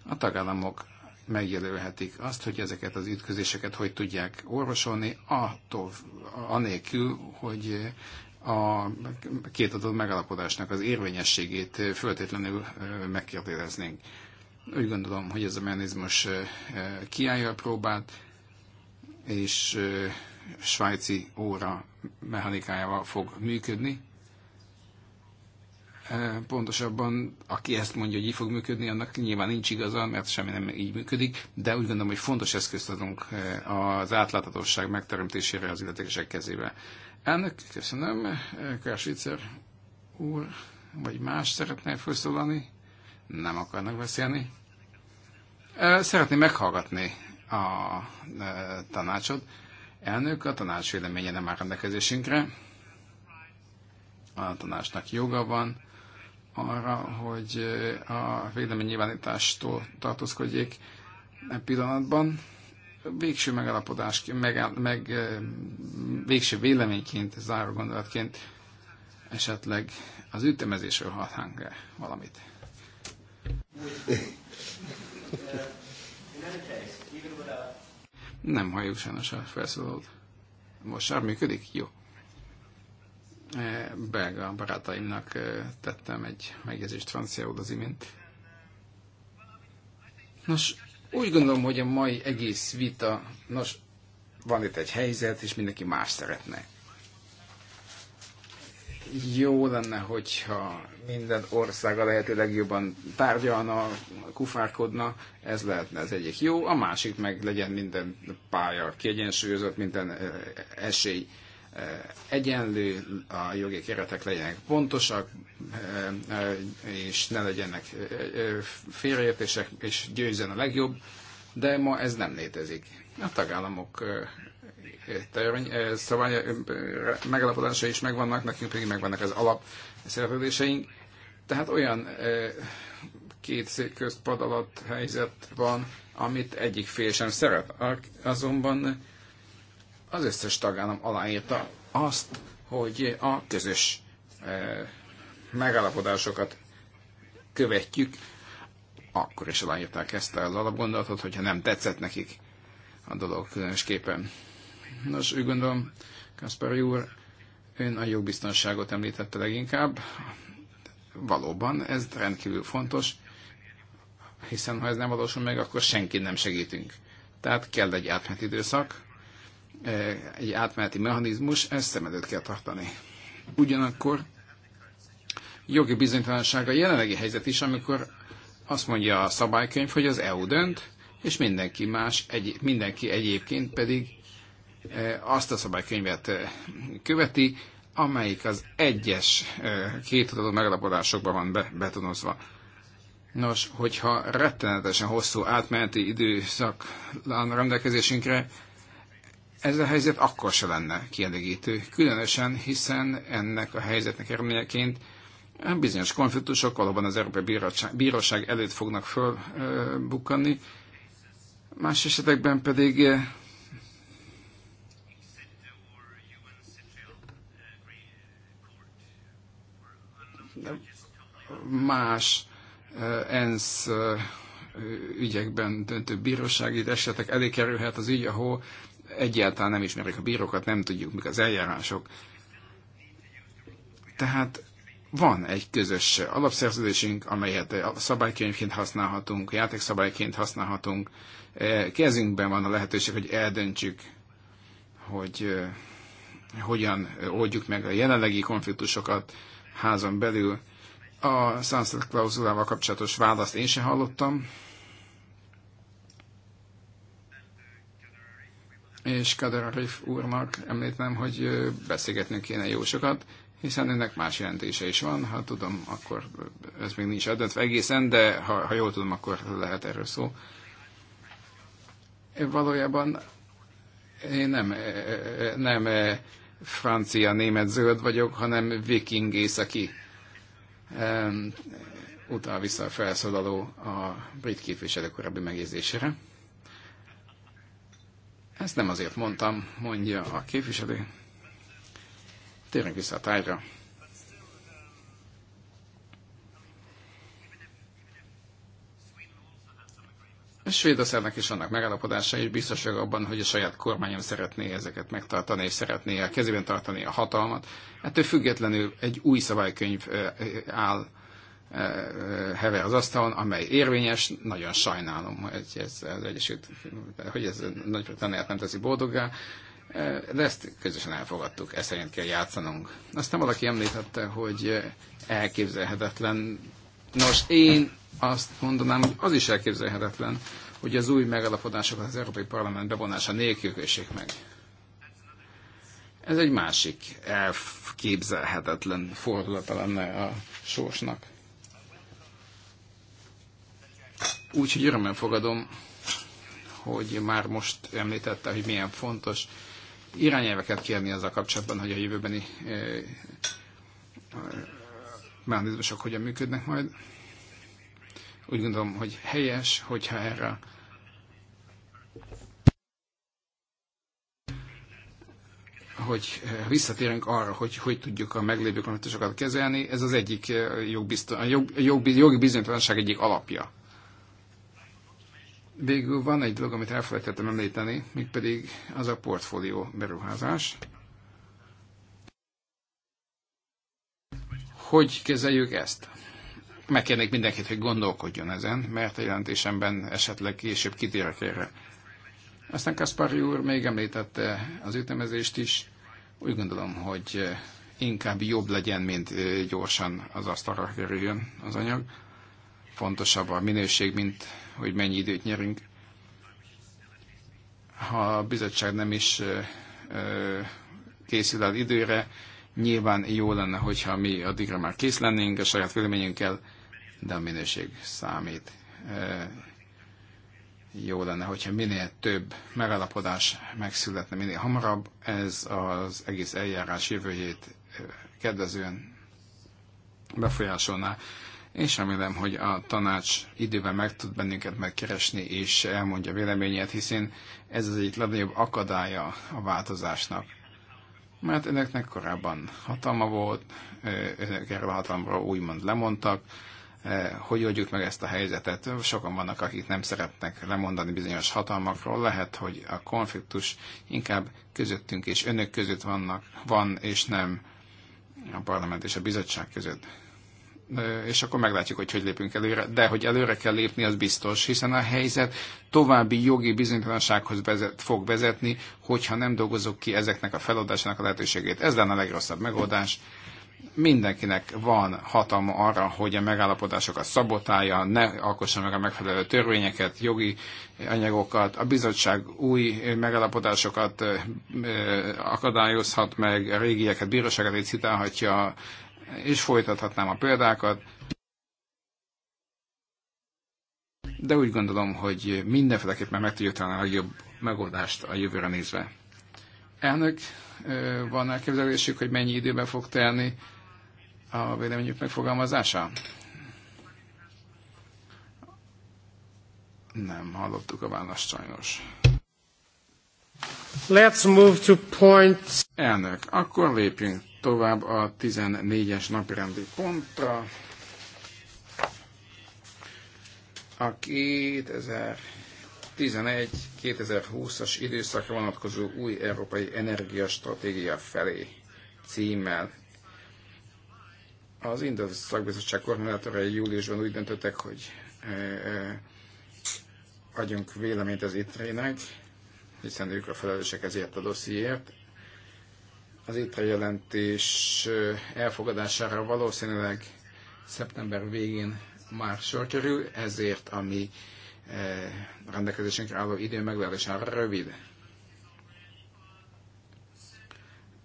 a tagállamok megjelölhetik azt, hogy ezeket az ütközéseket hogy tudják orvosolni, attól, anélkül, hogy a két adott megalapodásnak az érvényességét föltétlenül megkérdeznénk. Úgy gondolom, hogy ez a mechanizmus kiállja a próbát, és svájci óra mechanikájával fog működni, Eh, pontosabban, aki ezt mondja, hogy így fog működni, annak nyilván nincs igaza, mert semmi nem így működik, de úgy gondolom, hogy fontos eszközt adunk eh, az átláthatóság megteremtésére az illetékesek kezébe. Elnök, köszönöm. Eh, Kásvicer úr, vagy más szeretne felszólalni? Nem akarnak beszélni? Szeretném meghallgatni a tanácsot. Elnök, a tanács véleménye nem áll rendelkezésünkre. A tanácsnak joga van arra, hogy eh, a nyilvánítástól tartózkodjék e pillanatban. Végső megállapodás, meg, meg eh, végső véleményként, záró gondolatként esetleg az ütemezésről hatnánk -e valamit. Nem halljuk sajnos a felszólalót. Most már működik? Jó. E, belga barátaimnak e, tettem egy megjegyzést franciául az imént. Nos, úgy gondolom, hogy a mai egész vita, nos, van itt egy helyzet, és mindenki más szeretne. Jó lenne, hogyha minden ország a lehető legjobban tárgyalna, kufárkodna, ez lehetne az egyik jó, a másik meg legyen minden pálya kiegyensúlyozott, minden e, esély Eh, egyenlő, a jogi keretek legyenek pontosak, eh, eh, és ne legyenek félreértések, és győzzen a legjobb, de ma ez nem létezik. A tagállamok törvény, szabály, megalapodása is megvannak, nekünk pedig megvannak az alap szerződéseink. Tehát olyan két szék közt pad alatt helyzet van, amit egyik fél sem szeret. Azonban az összes tagállam aláírta azt, hogy a közös eh, megállapodásokat követjük, akkor is aláírták ezt az alapgondolatot, hogyha nem tetszett nekik a dolog különösképpen. Nos, úgy gondolom, Kaspari úr, ön a jogbiztonságot említette leginkább. Valóban, ez rendkívül fontos, hiszen ha ez nem valósul meg, akkor senkit nem segítünk. Tehát kell egy átmeneti időszak, egy átmeneti mechanizmus, ezt szem előtt kell tartani. Ugyanakkor jogi bizonytalansága a jelenlegi helyzet is, amikor azt mondja a szabálykönyv, hogy az EU dönt, és mindenki más, egy, mindenki egyébként pedig e, azt a szabálykönyvet e, követi, amelyik az egyes e, kétoldalú megalapodásokban van be, betonozva. Nos, hogyha rettenetesen hosszú átmeneti időszak rendelkezésünkre, ez a helyzet akkor se lenne kielégítő, különösen hiszen ennek a helyzetnek eredményeként bizonyos konfliktusok valóban az Európai Bíróság előtt fognak fölbukkanni, más esetekben pedig más ENSZ ügyekben döntő bírósági esetek elé kerülhet az ügy, ahol egyáltalán nem ismerik a bírókat, nem tudjuk, mik az eljárások. Tehát van egy közös alapszerződésünk, amelyet szabálykönyvként használhatunk, játékszabályként használhatunk. E, kezünkben van a lehetőség, hogy eldöntsük, hogy e, hogyan oldjuk meg a jelenlegi konfliktusokat házon belül. A sunset klauzulával kapcsolatos választ én sem hallottam, és Kader Arif úrnak említem, hogy beszélgetnünk kéne jó sokat, hiszen ennek más jelentése is van, ha tudom, akkor ez még nincs eldöntve egészen, de ha, ha jól tudom, akkor lehet erről szó. Valójában én nem, nem francia, német, zöld vagyok, hanem viking északi utal vissza a felszólaló a brit képviselő korábbi megjegyzésére. Ezt nem azért mondtam, mondja a képviselő. Térjünk vissza a tájra. Svédországnak is vannak megállapodása, és biztos vagyok abban, hogy a saját kormányom szeretné ezeket megtartani, és szeretné a kezében tartani a hatalmat. Ettől függetlenül egy új szabálykönyv eh, eh, áll hever az asztalon, amely érvényes, nagyon sajnálom, hogy ez az Egyesült, hogy ez Nagy-Britanniát nem teszi boldoggá, de ezt közösen elfogadtuk, ezt szerint kell játszanunk. Aztán valaki említette, hogy elképzelhetetlen. Nos, én azt mondanám, hogy az is elképzelhetetlen, hogy az új megalapodásokat az Európai Parlament bevonása nélkül kössék meg. Ez egy másik elképzelhetetlen fordulata lenne a sorsnak. Úgyhogy örömmel fogadom, hogy már most említette, hogy milyen fontos irányelveket kérni a kapcsolatban, hogy a jövőbeni eh, eh, mechanizmusok hogyan működnek majd. Úgy gondolom, hogy helyes, hogyha erre hogy eh, visszatérünk arra, hogy hogy tudjuk a meglévő konfliktusokat kezelni, ez az egyik jogbizton, jog, jog, jogi bizonytalanság egyik alapja. Végül van egy dolog, amit elfelejtettem említeni, mégpedig az a portfólió beruházás. Hogy kezeljük ezt? Megkérnék mindenkit, hogy gondolkodjon ezen, mert a jelentésemben esetleg később kitérek erre. Aztán Kaspari úr még említette az ütemezést is. Úgy gondolom, hogy inkább jobb legyen, mint gyorsan az asztalra kerüljön az anyag fontosabb a minőség, mint hogy mennyi időt nyerünk. Ha a bizottság nem is készül el időre, nyilván jó lenne, hogyha mi addigra már kész lennénk a saját véleményünkkel, de a minőség számít. Jó lenne, hogyha minél több megállapodás megszületne minél hamarabb, ez az egész eljárás jövőjét kedvezően befolyásolná és remélem, hogy a tanács időben meg tud bennünket megkeresni, és elmondja véleményét, hiszen ez az egyik legnagyobb akadálya a változásnak. Mert önöknek korábban hatalma volt, önök erről a hatalomról úgymond lemondtak, hogy oldjuk meg ezt a helyzetet. Sokan vannak, akik nem szeretnek lemondani bizonyos hatalmakról. Lehet, hogy a konfliktus inkább közöttünk és önök között vannak, van, és nem a parlament és a bizottság között és akkor meglátjuk, hogy hogy lépünk előre. De hogy előre kell lépni, az biztos, hiszen a helyzet további jogi bizonytalansághoz vezet, fog vezetni, hogyha nem dolgozok ki ezeknek a feladásának a lehetőségét. Ez lenne a legrosszabb megoldás. Mindenkinek van hatalma arra, hogy a megállapodásokat szabotálja, ne alkossa meg a megfelelő törvényeket, jogi anyagokat. A bizottság új megállapodásokat akadályozhat meg, a régieket bíróság licitálhatja, és folytathatnám a példákat, de úgy gondolom, hogy mindenféleképpen meg tudjuk találni a legjobb megoldást a jövőre nézve. Elnök, van elképzelésük, hogy mennyi időben fog telni a véleményük megfogalmazása? Nem hallottuk a választ sajnos. Let's move to point. Elnök, akkor lépjünk tovább a 14-es napirendi pontra. A 2011-2020-as időszakra vonatkozó új európai energiastratégia felé címmel. Az Indus szakbizottság koordinátorai júliusban úgy döntöttek, hogy adjunk véleményt az itre hiszen ők a felelősek ezért a dossziért, az ITRA jelentés elfogadására valószínűleg szeptember végén már sor kerül, ezért a mi rendelkezésünkre álló idő megválására rövid.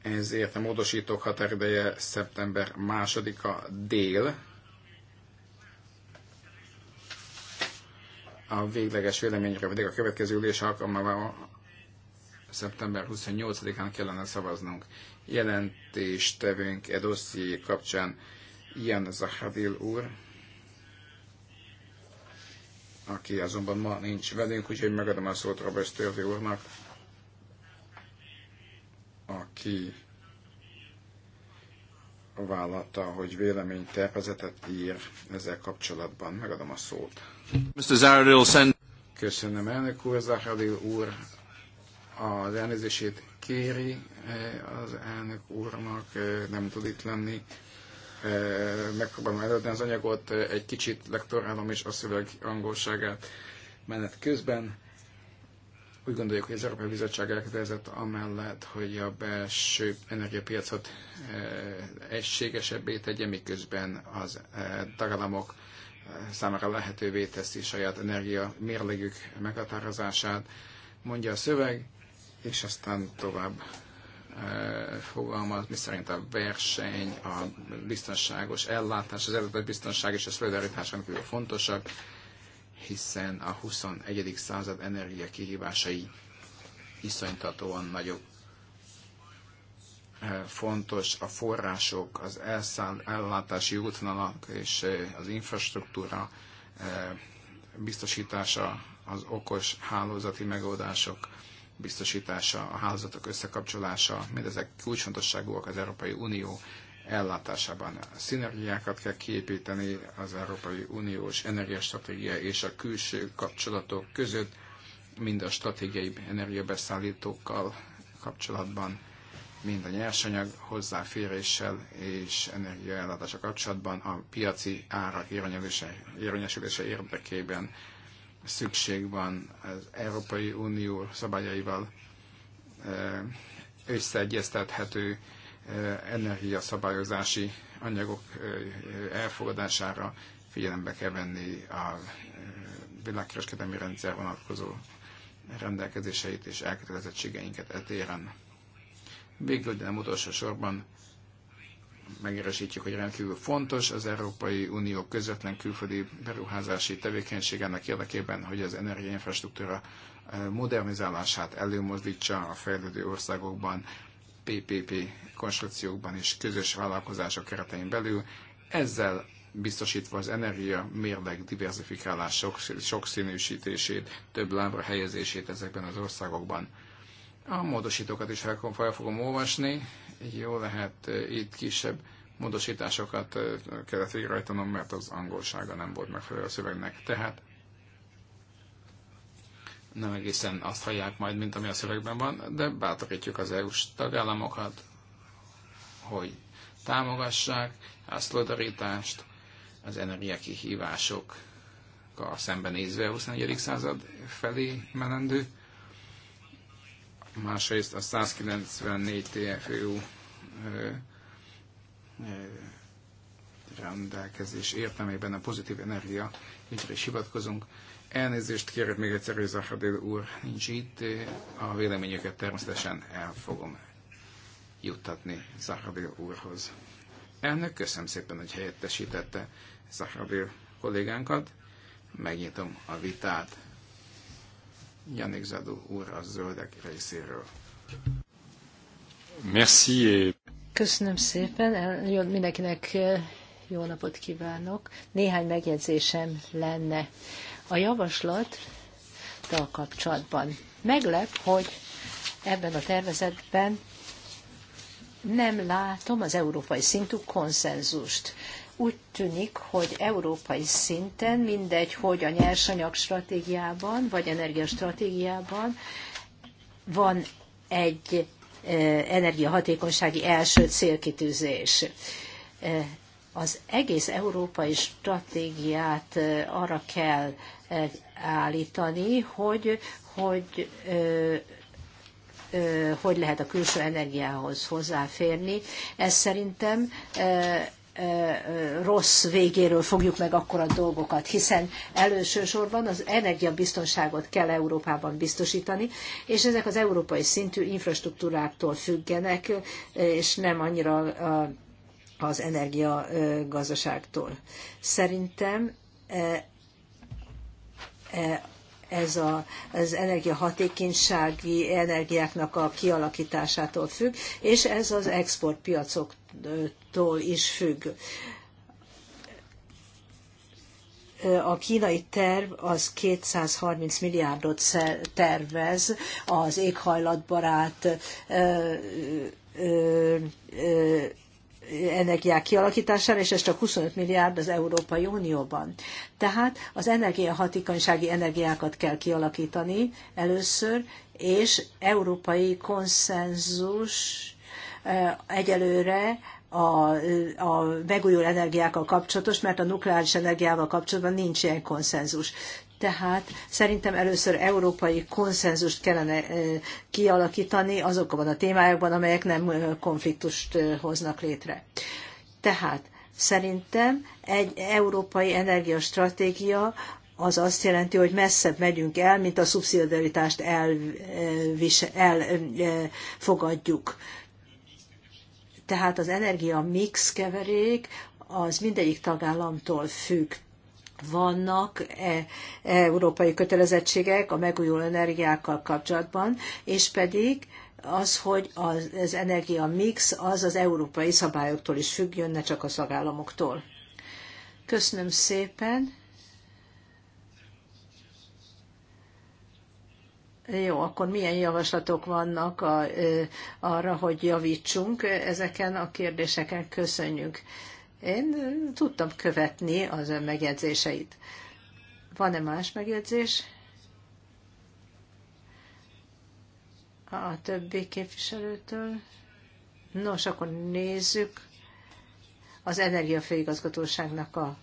Ezért a módosítók határideje szeptember másodika dél. A végleges véleményre pedig a következő ülés alkalmával szeptember 28-án kellene szavaznunk. Jelentéstevőnk e dosszié kapcsán Ian Zahadil úr, aki azonban ma nincs velünk, úgyhogy megadom a szót Robert Störvi úrnak, aki vállalta, hogy tervezetet ír ezzel kapcsolatban. Megadom a szót. Mr. Zaradil, send... Köszönöm, elnök úr. Zaradil úr az elnézését kéri eh, az elnök úrnak, eh, nem tud itt lenni. Eh, megpróbálom előadni az anyagot, egy kicsit lektorálom is a szöveg angolságát menet közben. Úgy gondoljuk, hogy az Európai Bizottság elkötelezett amellett, hogy a belső energiapiacot egységesebbé tegye, miközben az tagállamok számára lehetővé teszi saját energia mérlegük meghatározását, mondja a szöveg és aztán tovább eh, fogalmaz, miszerint a verseny, a biztonságos ellátás, az előtt biztonság és a szolidaritás rendkívül fontosak, hiszen a 21. század energia kihívásai iszonytatóan nagyok. Eh, fontos a források, az elszáll, ellátási útvonalak és eh, az infrastruktúra biztosítása, az okos hálózati megoldások, biztosítása, a hálózatok összekapcsolása, mindezek kulcsfontosságúak az Európai Unió ellátásában. A szinergiákat kell kiépíteni az Európai Uniós energiastratégia és a külső kapcsolatok között, mind a stratégiai energiabeszállítókkal kapcsolatban, mind a nyersanyag hozzáféréssel és energiaellátása kapcsolatban a piaci árak érvényesülése érdekében szükség van az Európai Unió szabályaival összeegyeztethető energiaszabályozási anyagok elfogadására figyelembe kell venni a világkereskedelmi rendszer vonatkozó rendelkezéseit és elkötelezettségeinket etéren. Végül, de nem utolsó sorban megerősítjük, hogy rendkívül fontos az Európai Unió közvetlen külföldi beruházási tevékenységének érdekében, hogy az energiainfrastruktúra eh, modernizálását előmozdítsa a fejlődő országokban, PPP konstrukciókban és közös vállalkozások keretein belül, ezzel biztosítva az energia mérleg diversifikálás sokszínűsítését, több lábra helyezését ezekben az országokban. A módosítókat is fel fogom olvasni, jó lehet itt kisebb módosításokat kellett végrehajtanom, mert az angolsága nem volt megfelelő a szövegnek. Tehát nem egészen azt hallják majd, mint ami a szövegben van, de bátorítjuk az EU-s tagállamokat, hogy támogassák a szlodaritást, az energiakihívásokkal szembenézve a 21. század felé menendő másrészt a 194 TFU rendelkezés értelmében a pozitív energia ügyre is hivatkozunk. Elnézést kérek még egyszer, hogy Zahradil úr nincs itt. A véleményeket természetesen el fogom juttatni Zahradil úrhoz. Elnök, köszönöm szépen, hogy helyettesítette Zahradil kollégánkat. Megnyitom a vitát. Janik Zadó úr a zöldek részéről. Merci. Köszönöm szépen, mindenkinek jó napot kívánok. Néhány megjegyzésem lenne. A javaslat a kapcsolatban. Meglep, hogy ebben a tervezetben nem látom az európai szintű konszenzust úgy tűnik, hogy európai szinten, mindegy, hogy a nyersanyag stratégiában, vagy energiastratégiában van egy e, energiahatékonysági első célkitűzés. E, az egész európai stratégiát e, arra kell állítani, hogy, hogy hogy lehet a külső energiához hozzáférni. Ez szerintem rossz végéről fogjuk meg akkor a dolgokat, hiszen elsősorban az energiabiztonságot kell Európában biztosítani, és ezek az európai szintű infrastruktúráktól függenek, és nem annyira az energiagazdaságtól. Szerintem ez a, az energiahatékonysági energiáknak a kialakításától függ, és ez az exportpiacoktól is függ. A kínai terv az 230 milliárdot tervez az éghajlatbarát ö, ö, ö, energiák kialakítására, és ez csak 25 milliárd az Európai Unióban. Tehát az energiahatékonysági energiákat kell kialakítani először, és európai konszenzus egyelőre a, a megújuló energiákkal kapcsolatos, mert a nukleáris energiával kapcsolatban nincs ilyen konszenzus. Tehát szerintem először európai konszenzust kellene kialakítani azokban a témákban, amelyek nem konfliktust hoznak létre. Tehát szerintem egy európai energiastratégia az azt jelenti, hogy messzebb megyünk el, mint a szubszidiaritást elfogadjuk. Tehát az energia mix keverék az mindegyik tagállamtól függ vannak e, e európai kötelezettségek a megújuló energiákkal kapcsolatban, és pedig az, hogy az, az energia mix az az európai szabályoktól is függjön, ne csak a szagállamoktól. Köszönöm szépen. Jó, akkor milyen javaslatok vannak a, e, arra, hogy javítsunk ezeken a kérdéseken? Köszönjük. Én tudtam követni az ön megjegyzéseit. Van-e más megjegyzés? A többi képviselőtől. Nos, akkor nézzük az Energiafőigazgatóságnak a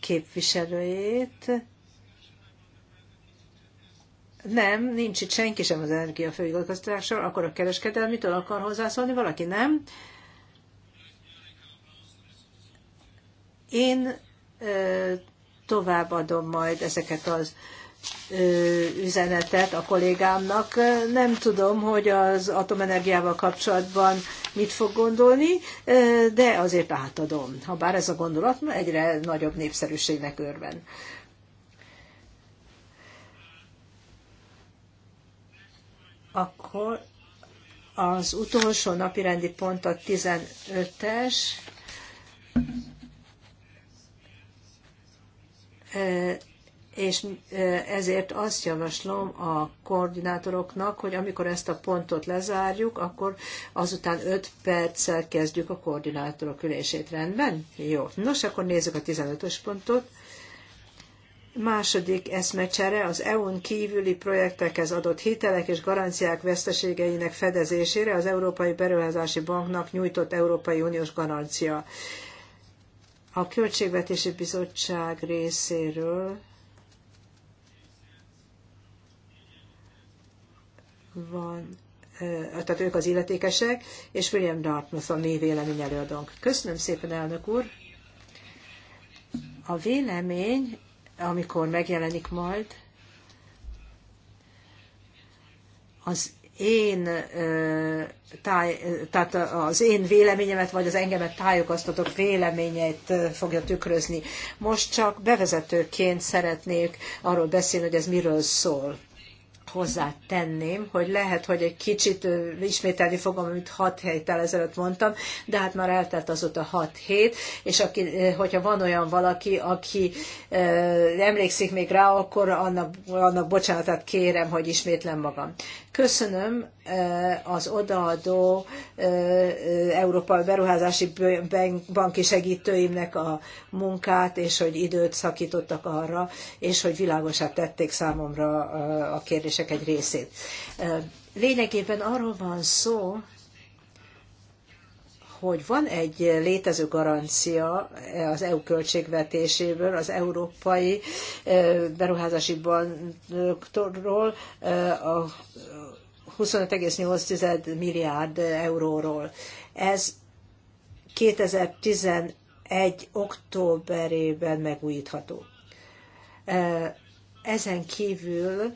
képviselőjét. Nem, nincs itt senki sem az energiafőigazgatásról, akkor a kereskedelmitől akar hozzászólni valaki, nem? Én továbbadom majd ezeket az üzenetet a kollégámnak. Nem tudom, hogy az atomenergiával kapcsolatban mit fog gondolni, de azért átadom. Ha bár ez a gondolat egyre nagyobb népszerűségnek örven. Akkor az utolsó napirendi pont a 15-es. és ezért azt javaslom a koordinátoroknak, hogy amikor ezt a pontot lezárjuk, akkor azután 5 perccel kezdjük a koordinátorok ülését. Rendben? Jó. Nos, akkor nézzük a 15-ös pontot. Második eszmecsere az EU-n kívüli projektekhez adott hitelek és garanciák veszteségeinek fedezésére az Európai Beruházási Banknak nyújtott Európai Uniós garancia. A Költségvetési Bizottság részéről van, tehát ők az illetékesek, és William Dartmouth a névélemény előadónk. Köszönöm szépen, elnök úr! A vélemény, amikor megjelenik majd, az én, táj, tehát az én véleményemet, vagy az engemet tájékoztatok véleményeit fogja tükrözni. Most csak bevezetőként szeretnék arról beszélni, hogy ez miről szól hozzátenném, hogy lehet, hogy egy kicsit ismételni fogom, amit hat héttel ezelőtt mondtam, de hát már eltelt azóta hat hét, és aki, hogyha van olyan valaki, aki emlékszik még rá, akkor annak, annak bocsánatát kérem, hogy ismétlem magam. Köszönöm az odaadó Európai Beruházási Banki segítőimnek a munkát, és hogy időt szakítottak arra, és hogy világosát tették számomra a kérdések csak egy részét. Lényegében arról van szó, hogy van egy létező garancia az EU költségvetéséből, az Európai Beruházási Banktól, a 25,8 milliárd euróról. Ez 2011. októberében megújítható. Ezen kívül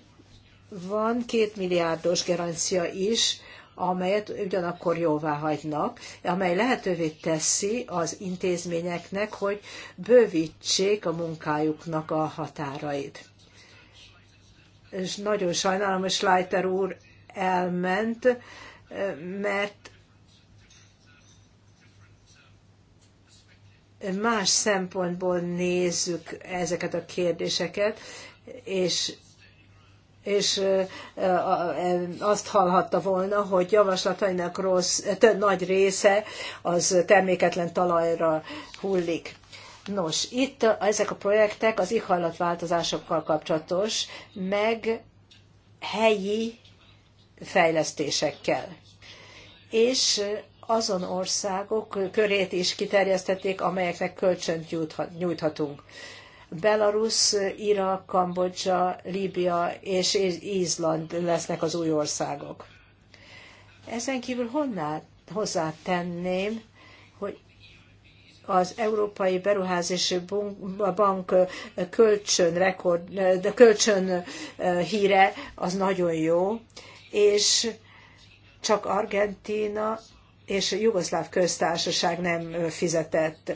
van két milliárdos garancia is, amelyet ugyanakkor jóvá hagynak, amely lehetővé teszi az intézményeknek, hogy bővítsék a munkájuknak a határait. És nagyon sajnálom, hogy Schleiter úr elment, mert más szempontból nézzük ezeket a kérdéseket, és és azt hallhatta volna, hogy javaslatainak rossz, több nagy része az terméketlen talajra hullik. Nos, itt ezek a projektek az ihajlatváltozásokkal kapcsolatos, meg helyi fejlesztésekkel. És azon országok körét is kiterjesztették, amelyeknek kölcsönt nyújthatunk. Belarus, Irak, Kambodzsa, Líbia és Izland lesznek az új országok. Ezen kívül honnan hozzátenném, hogy az Európai Beruházási Bank kölcsön, rekord, kölcsön híre az nagyon jó, és csak Argentína és Jugoszláv köztársaság nem fizetett.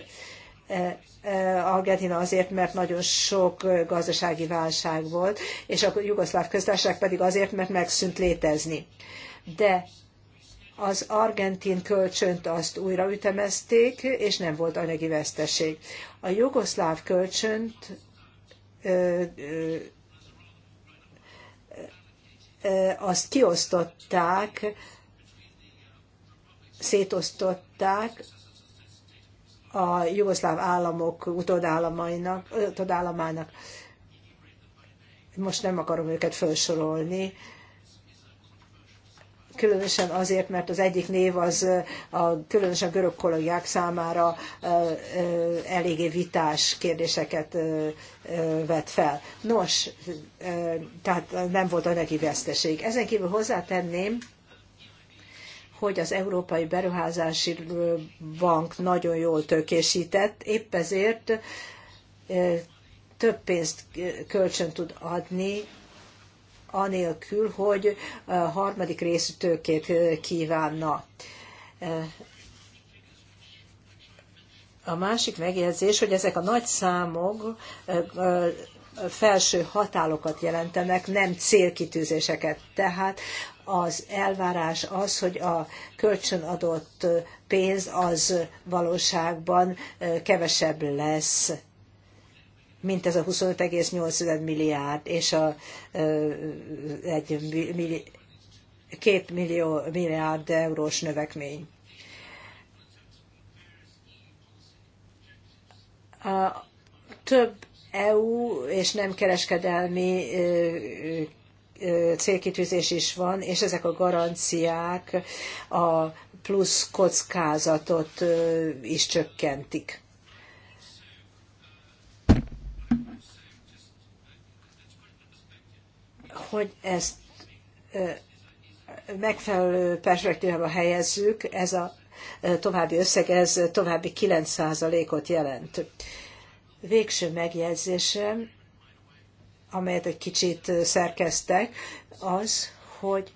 Argentina azért, mert nagyon sok gazdasági válság volt, és a jugoszláv köztársaság pedig azért, mert megszűnt létezni. De az argentin kölcsönt azt újra ütemezték, és nem volt anyagi veszteség. A jugoszláv kölcsönt ö, ö, ö, azt kiosztották, szétosztották a jugoszláv államok utódállamainak, utódállamának. Most nem akarom őket felsorolni, különösen azért, mert az egyik név az a különösen görög kollégák számára eléggé vitás kérdéseket vett fel. Nos, tehát nem volt neki veszteség. Ezen kívül hozzátenném, hogy az Európai Beruházási Bank nagyon jól tökésített, épp ezért e, több pénzt e, kölcsön tud adni, anélkül, hogy a harmadik részű tőkét e, kívánna. A másik megjegyzés, hogy ezek a nagy számok felső határokat jelentenek, nem célkitűzéseket. Tehát az elvárás az, hogy a kölcsönadott pénz az valóságban kevesebb lesz, mint ez a 25,8 milliárd, és a egy milli, két millió, milliárd eurós növekmény. A több EU és nem kereskedelmi célkitűzés is van, és ezek a garanciák a plusz kockázatot is csökkentik. Hogy ezt megfelelő perspektívába helyezzük, ez a további összeg, ez további 9%-ot jelent. Végső megjegyzésem, amelyet egy kicsit szerkeztek, az, hogy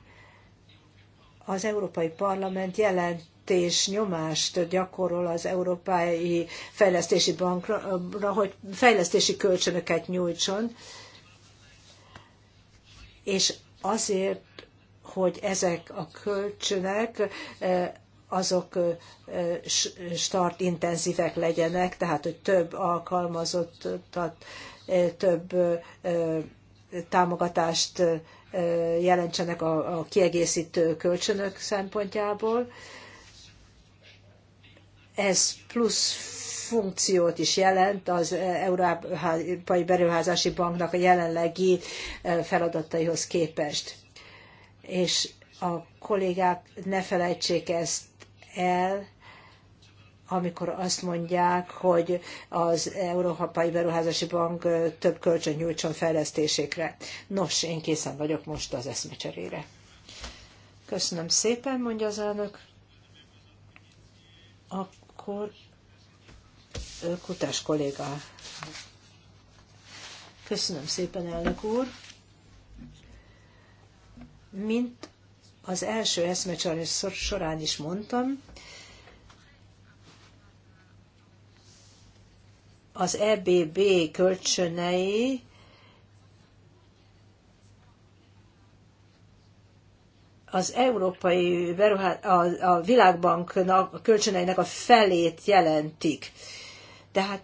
az Európai Parlament jelentés nyomást gyakorol az Európai Fejlesztési Bankra, hogy fejlesztési kölcsönöket nyújtson, és azért, hogy ezek a kölcsönök azok start intenzívek legyenek, tehát hogy több alkalmazottat több támogatást jelentsenek a kiegészítő kölcsönök szempontjából. Ez plusz funkciót is jelent az Európai Beruházási Banknak a jelenlegi feladataihoz képest. És a kollégák ne felejtsék ezt el, amikor azt mondják, hogy az Európai Beruházási Bank több kölcsön nyújtson fejlesztésékre. Nos, én készen vagyok most az eszmecserére. Köszönöm szépen, mondja az elnök. Akkor Kutás kolléga. Köszönöm szépen, elnök úr. Mint az első eszmecsarnyi során is mondtam, az EBB kölcsönei az európai beruhá- a, a világbanknak a kölcsöneinek a felét jelentik. Tehát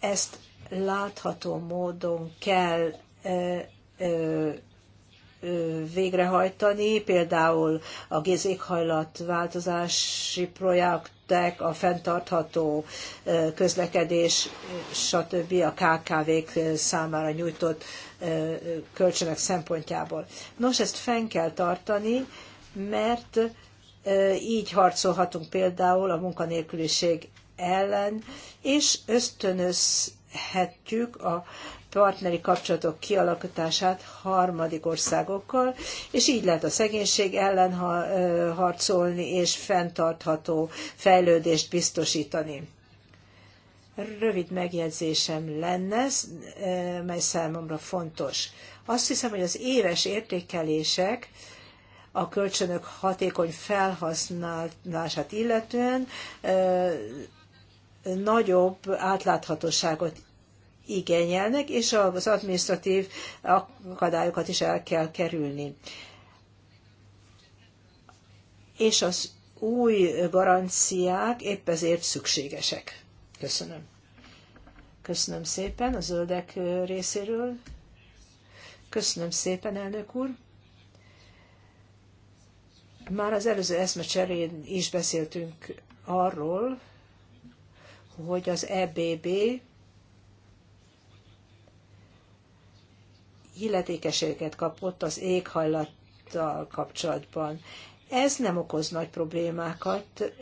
ezt látható módon kell ö, ö, ö, végrehajtani, például a változási projekt projektek, a fenntartható közlekedés, stb. a KKV-k számára nyújtott kölcsönök szempontjából. Nos, ezt fenn kell tartani, mert így harcolhatunk például a munkanélküliség ellen, és ösztönözhetjük a partneri kapcsolatok kialakítását harmadik országokkal, és így lehet a szegénység ellen harcolni és fenntartható fejlődést biztosítani. Rövid megjegyzésem lenne, mely számomra fontos. Azt hiszem, hogy az éves értékelések a kölcsönök hatékony felhasználását illetően nagyobb átláthatóságot igényelnek, és az administratív akadályokat is el kell kerülni. És az új garanciák épp ezért szükségesek. Köszönöm. Köszönöm szépen a zöldek részéről. Köszönöm szépen, elnök úr. Már az előző eszmecserén is beszéltünk arról, hogy az EBB illetékeséget kapott az éghajlattal kapcsolatban. Ez nem okoz nagy problémákat,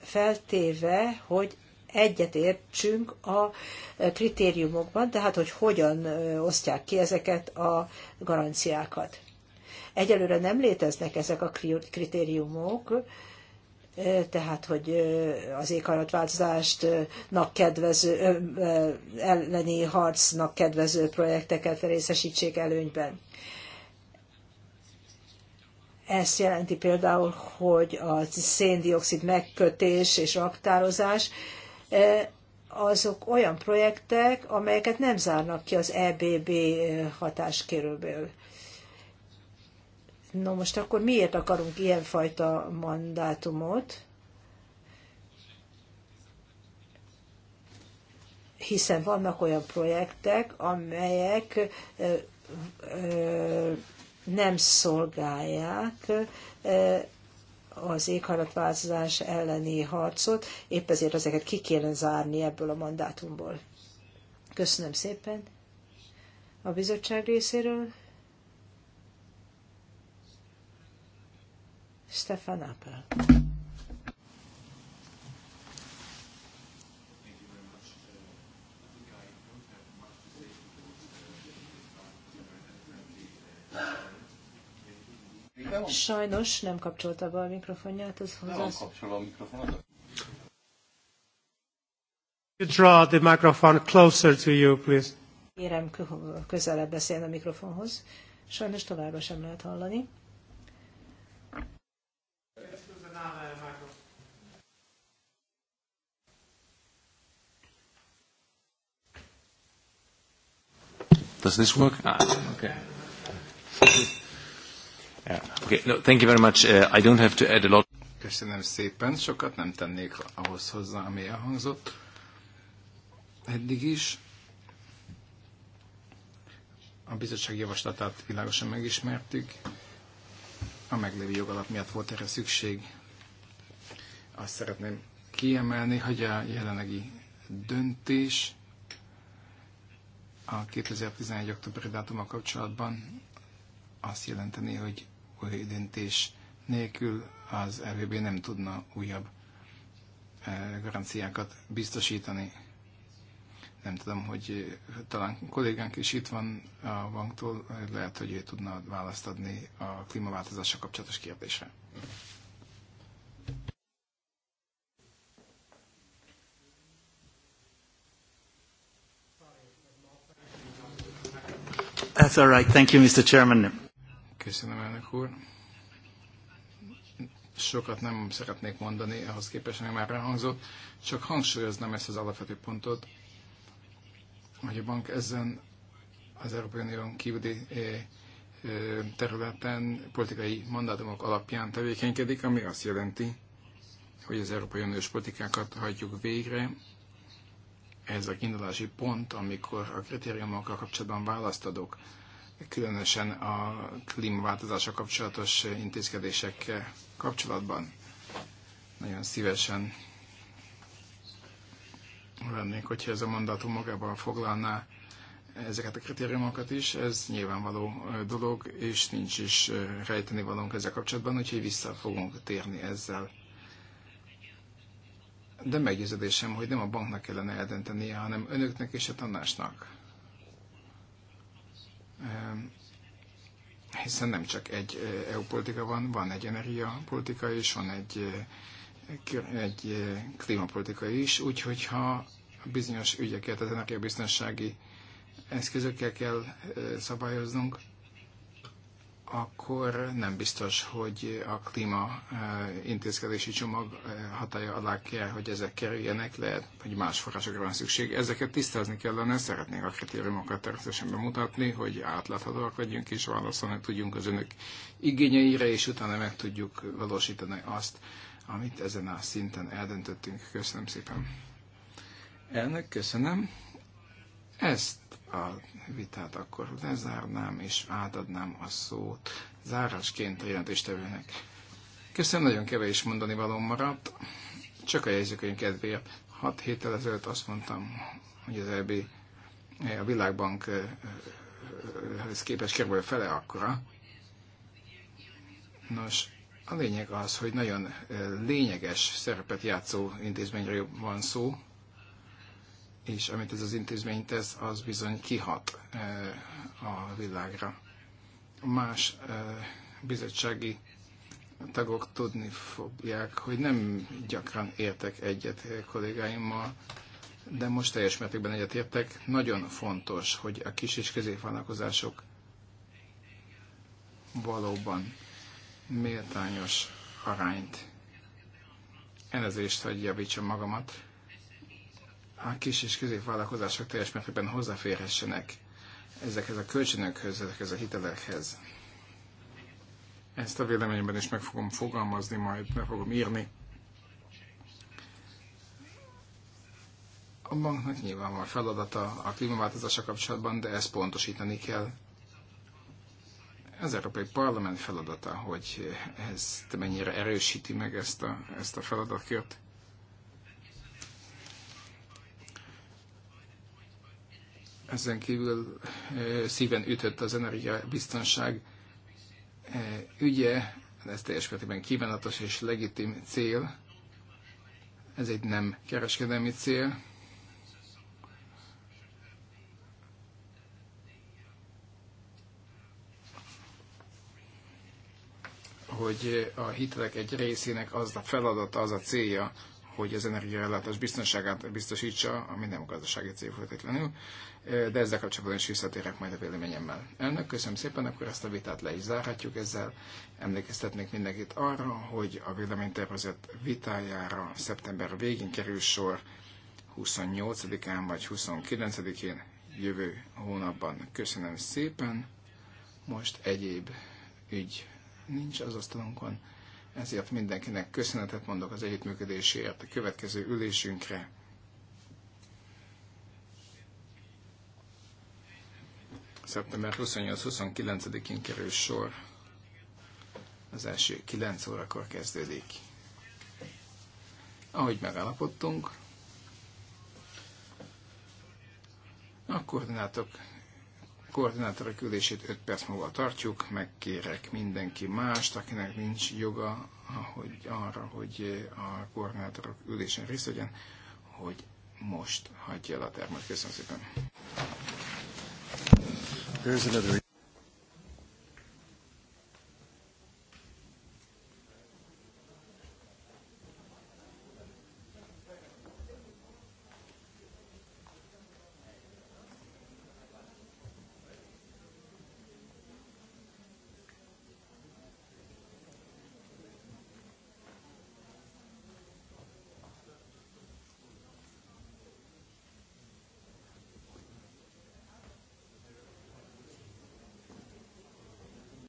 feltéve, hogy egyetértsünk a kritériumokban, tehát hogy hogyan osztják ki ezeket a garanciákat. Egyelőre nem léteznek ezek a kritériumok, tehát hogy az éghajlatváltozástnak kedvező, elleni harcnak kedvező projekteket részesítsék előnyben. Ez jelenti például, hogy a széndiokszid megkötés és raktározás azok olyan projektek, amelyeket nem zárnak ki az EBB hatáskéről. No most akkor miért akarunk ilyenfajta mandátumot? Hiszen vannak olyan projektek, amelyek nem szolgálják az éghajlatváltozás elleni harcot, épp ezért ezeket ki kéne zárni ebből a mandátumból. Köszönöm szépen a bizottság részéről. Stefan Appel. Sajnos nem kapcsolta be a mikrofonját, ez hozzá. Nem kapcsolva a mikrofonodat. Draw the microphone closer to you, please. Kérem, közelebb beszélni a mikrofonhoz. Sajnos továbbra sem lehet hallani. Does this work? Ah, okay. Yeah. Okay, no, thank you very much. Uh, I don't have to add a lot. Köszönöm szépen, sokat nem tennék ahhoz hozzá, ami elhangzott eddig is. A bizottság javaslatát világosan megismertük. A meglévő jogalap miatt volt erre szükség. Azt szeretném kiemelni, hogy a jelenlegi döntés a 2011. októberi dátuma kapcsolatban azt jelenteni, hogy új döntés nélkül az RVB nem tudna újabb eh, garanciákat biztosítani. Nem tudom, hogy eh, talán kollégánk is itt van a banktól, eh, lehet, hogy ő tudna választ adni a klímaváltozással kapcsolatos kérdésre. That's all right. Thank you, Mr. Chairman. Köszönöm, elnök úr. Sokat nem szeretnék mondani ahhoz képest, ami már elhangzott, csak hangsúlyoznám ezt az alapvető pontot, hogy a bank ezen az Európai Unión kívüli eh, eh, területen politikai mandátumok alapján tevékenykedik, ami azt jelenti, hogy az Európai Uniós politikákat hagyjuk végre, ez a kiindulási pont, amikor a kritériumokkal kapcsolatban választ adok, különösen a klímaváltozással kapcsolatos intézkedésekkel kapcsolatban. Nagyon szívesen lennék, hogyha ez a mandátum magában foglalná ezeket a kritériumokat is, ez nyilvánvaló dolog, és nincs is rejteni valónk ezzel kapcsolatban, úgyhogy vissza fogunk térni ezzel de meggyőződésem, hogy nem a banknak kellene eldöntenie, hanem önöknek és a tanácsnak. Ehm, hiszen nem csak egy EU e politika van, van egy energiapolitika is, van egy, e, egy e, klímapolitika is, úgyhogy ha bizonyos ügyeket az energiabiztonsági eszközökkel kell szabályoznunk, akkor nem biztos, hogy a klíma eh, intézkedési csomag eh, hatája alá kell, hogy ezek kerüljenek, lehet, hogy más forrásokra van szükség. Ezeket tisztázni kellene, szeretnék a kritériumokat természetesen bemutatni, hogy átláthatóak legyünk és válaszolni tudjunk az önök igényeire, és utána meg tudjuk valósítani azt, amit ezen a szinten eldöntöttünk. Köszönöm szépen. Elnök, köszönöm. Ezt a vitát akkor lezárnám, és átadnám a szót zárásként a jelentéstevőnek. Köszönöm, nagyon kevés mondani való maradt, csak a jegyzőkönyv kedvéért. Hat héttel ezelőtt azt mondtam, hogy az EB eh, a eh, eh, ez képes kerül fele akkora. Nos, a lényeg az, hogy nagyon lényeges szerepet játszó intézményről van szó, és amit ez az intézmény tesz, az bizony kihat e, a világra. Más e, bizottsági tagok tudni fogják, hogy nem gyakran értek egyet kollégáimmal, de most teljes mértékben értek. Nagyon fontos, hogy a kis és középvállalkozások valóban méltányos arányt. Elnézést, hogy javítsam magamat a kis és középvállalkozások teljes mértékben hozzáférhessenek ezekhez a kölcsönökhöz, ezekhez a hitelekhez. Ezt a véleményben is meg fogom fogalmazni, majd meg fogom írni. A banknak nyilván van feladata a klímaváltozása kapcsolatban, de ezt pontosítani kell. Az Európai Parlament feladata, hogy ez mennyire erősíti meg ezt a, ezt a feladatkört. Ezen kívül szíven ütött az energiabiztonság ügye, ez teljes mértékben kívánatos és legitim cél. Ez egy nem kereskedelmi cél. hogy a hitelek egy részének az a feladata, az a célja, hogy az energiaellátás biztonságát biztosítsa, ami nem gazdasági cél feltétlenül, de ezzel kapcsolatban is visszatérek majd a véleményemmel. Önök, köszönöm szépen, akkor ezt a vitát le is zárhatjuk ezzel. Emlékeztetnék mindenkit arra, hogy a véleménytervezet vitájára szeptember végén kerül sor 28-án vagy 29-én jövő hónapban. Köszönöm szépen, most egyéb ügy nincs az asztalunkon ezért mindenkinek köszönetet mondok az együttműködéséért a következő ülésünkre. Szeptember 28-29-én kerül sor. Az első 9 órakor kezdődik. Ahogy megállapodtunk, a koordinátok koordinátorok ülését 5 perc múlva tartjuk, megkérek mindenki mást, akinek nincs joga hogy arra, hogy a koordinátorok ülésen részt vegyen, hogy most hagyja el a termet. Köszönöm szépen!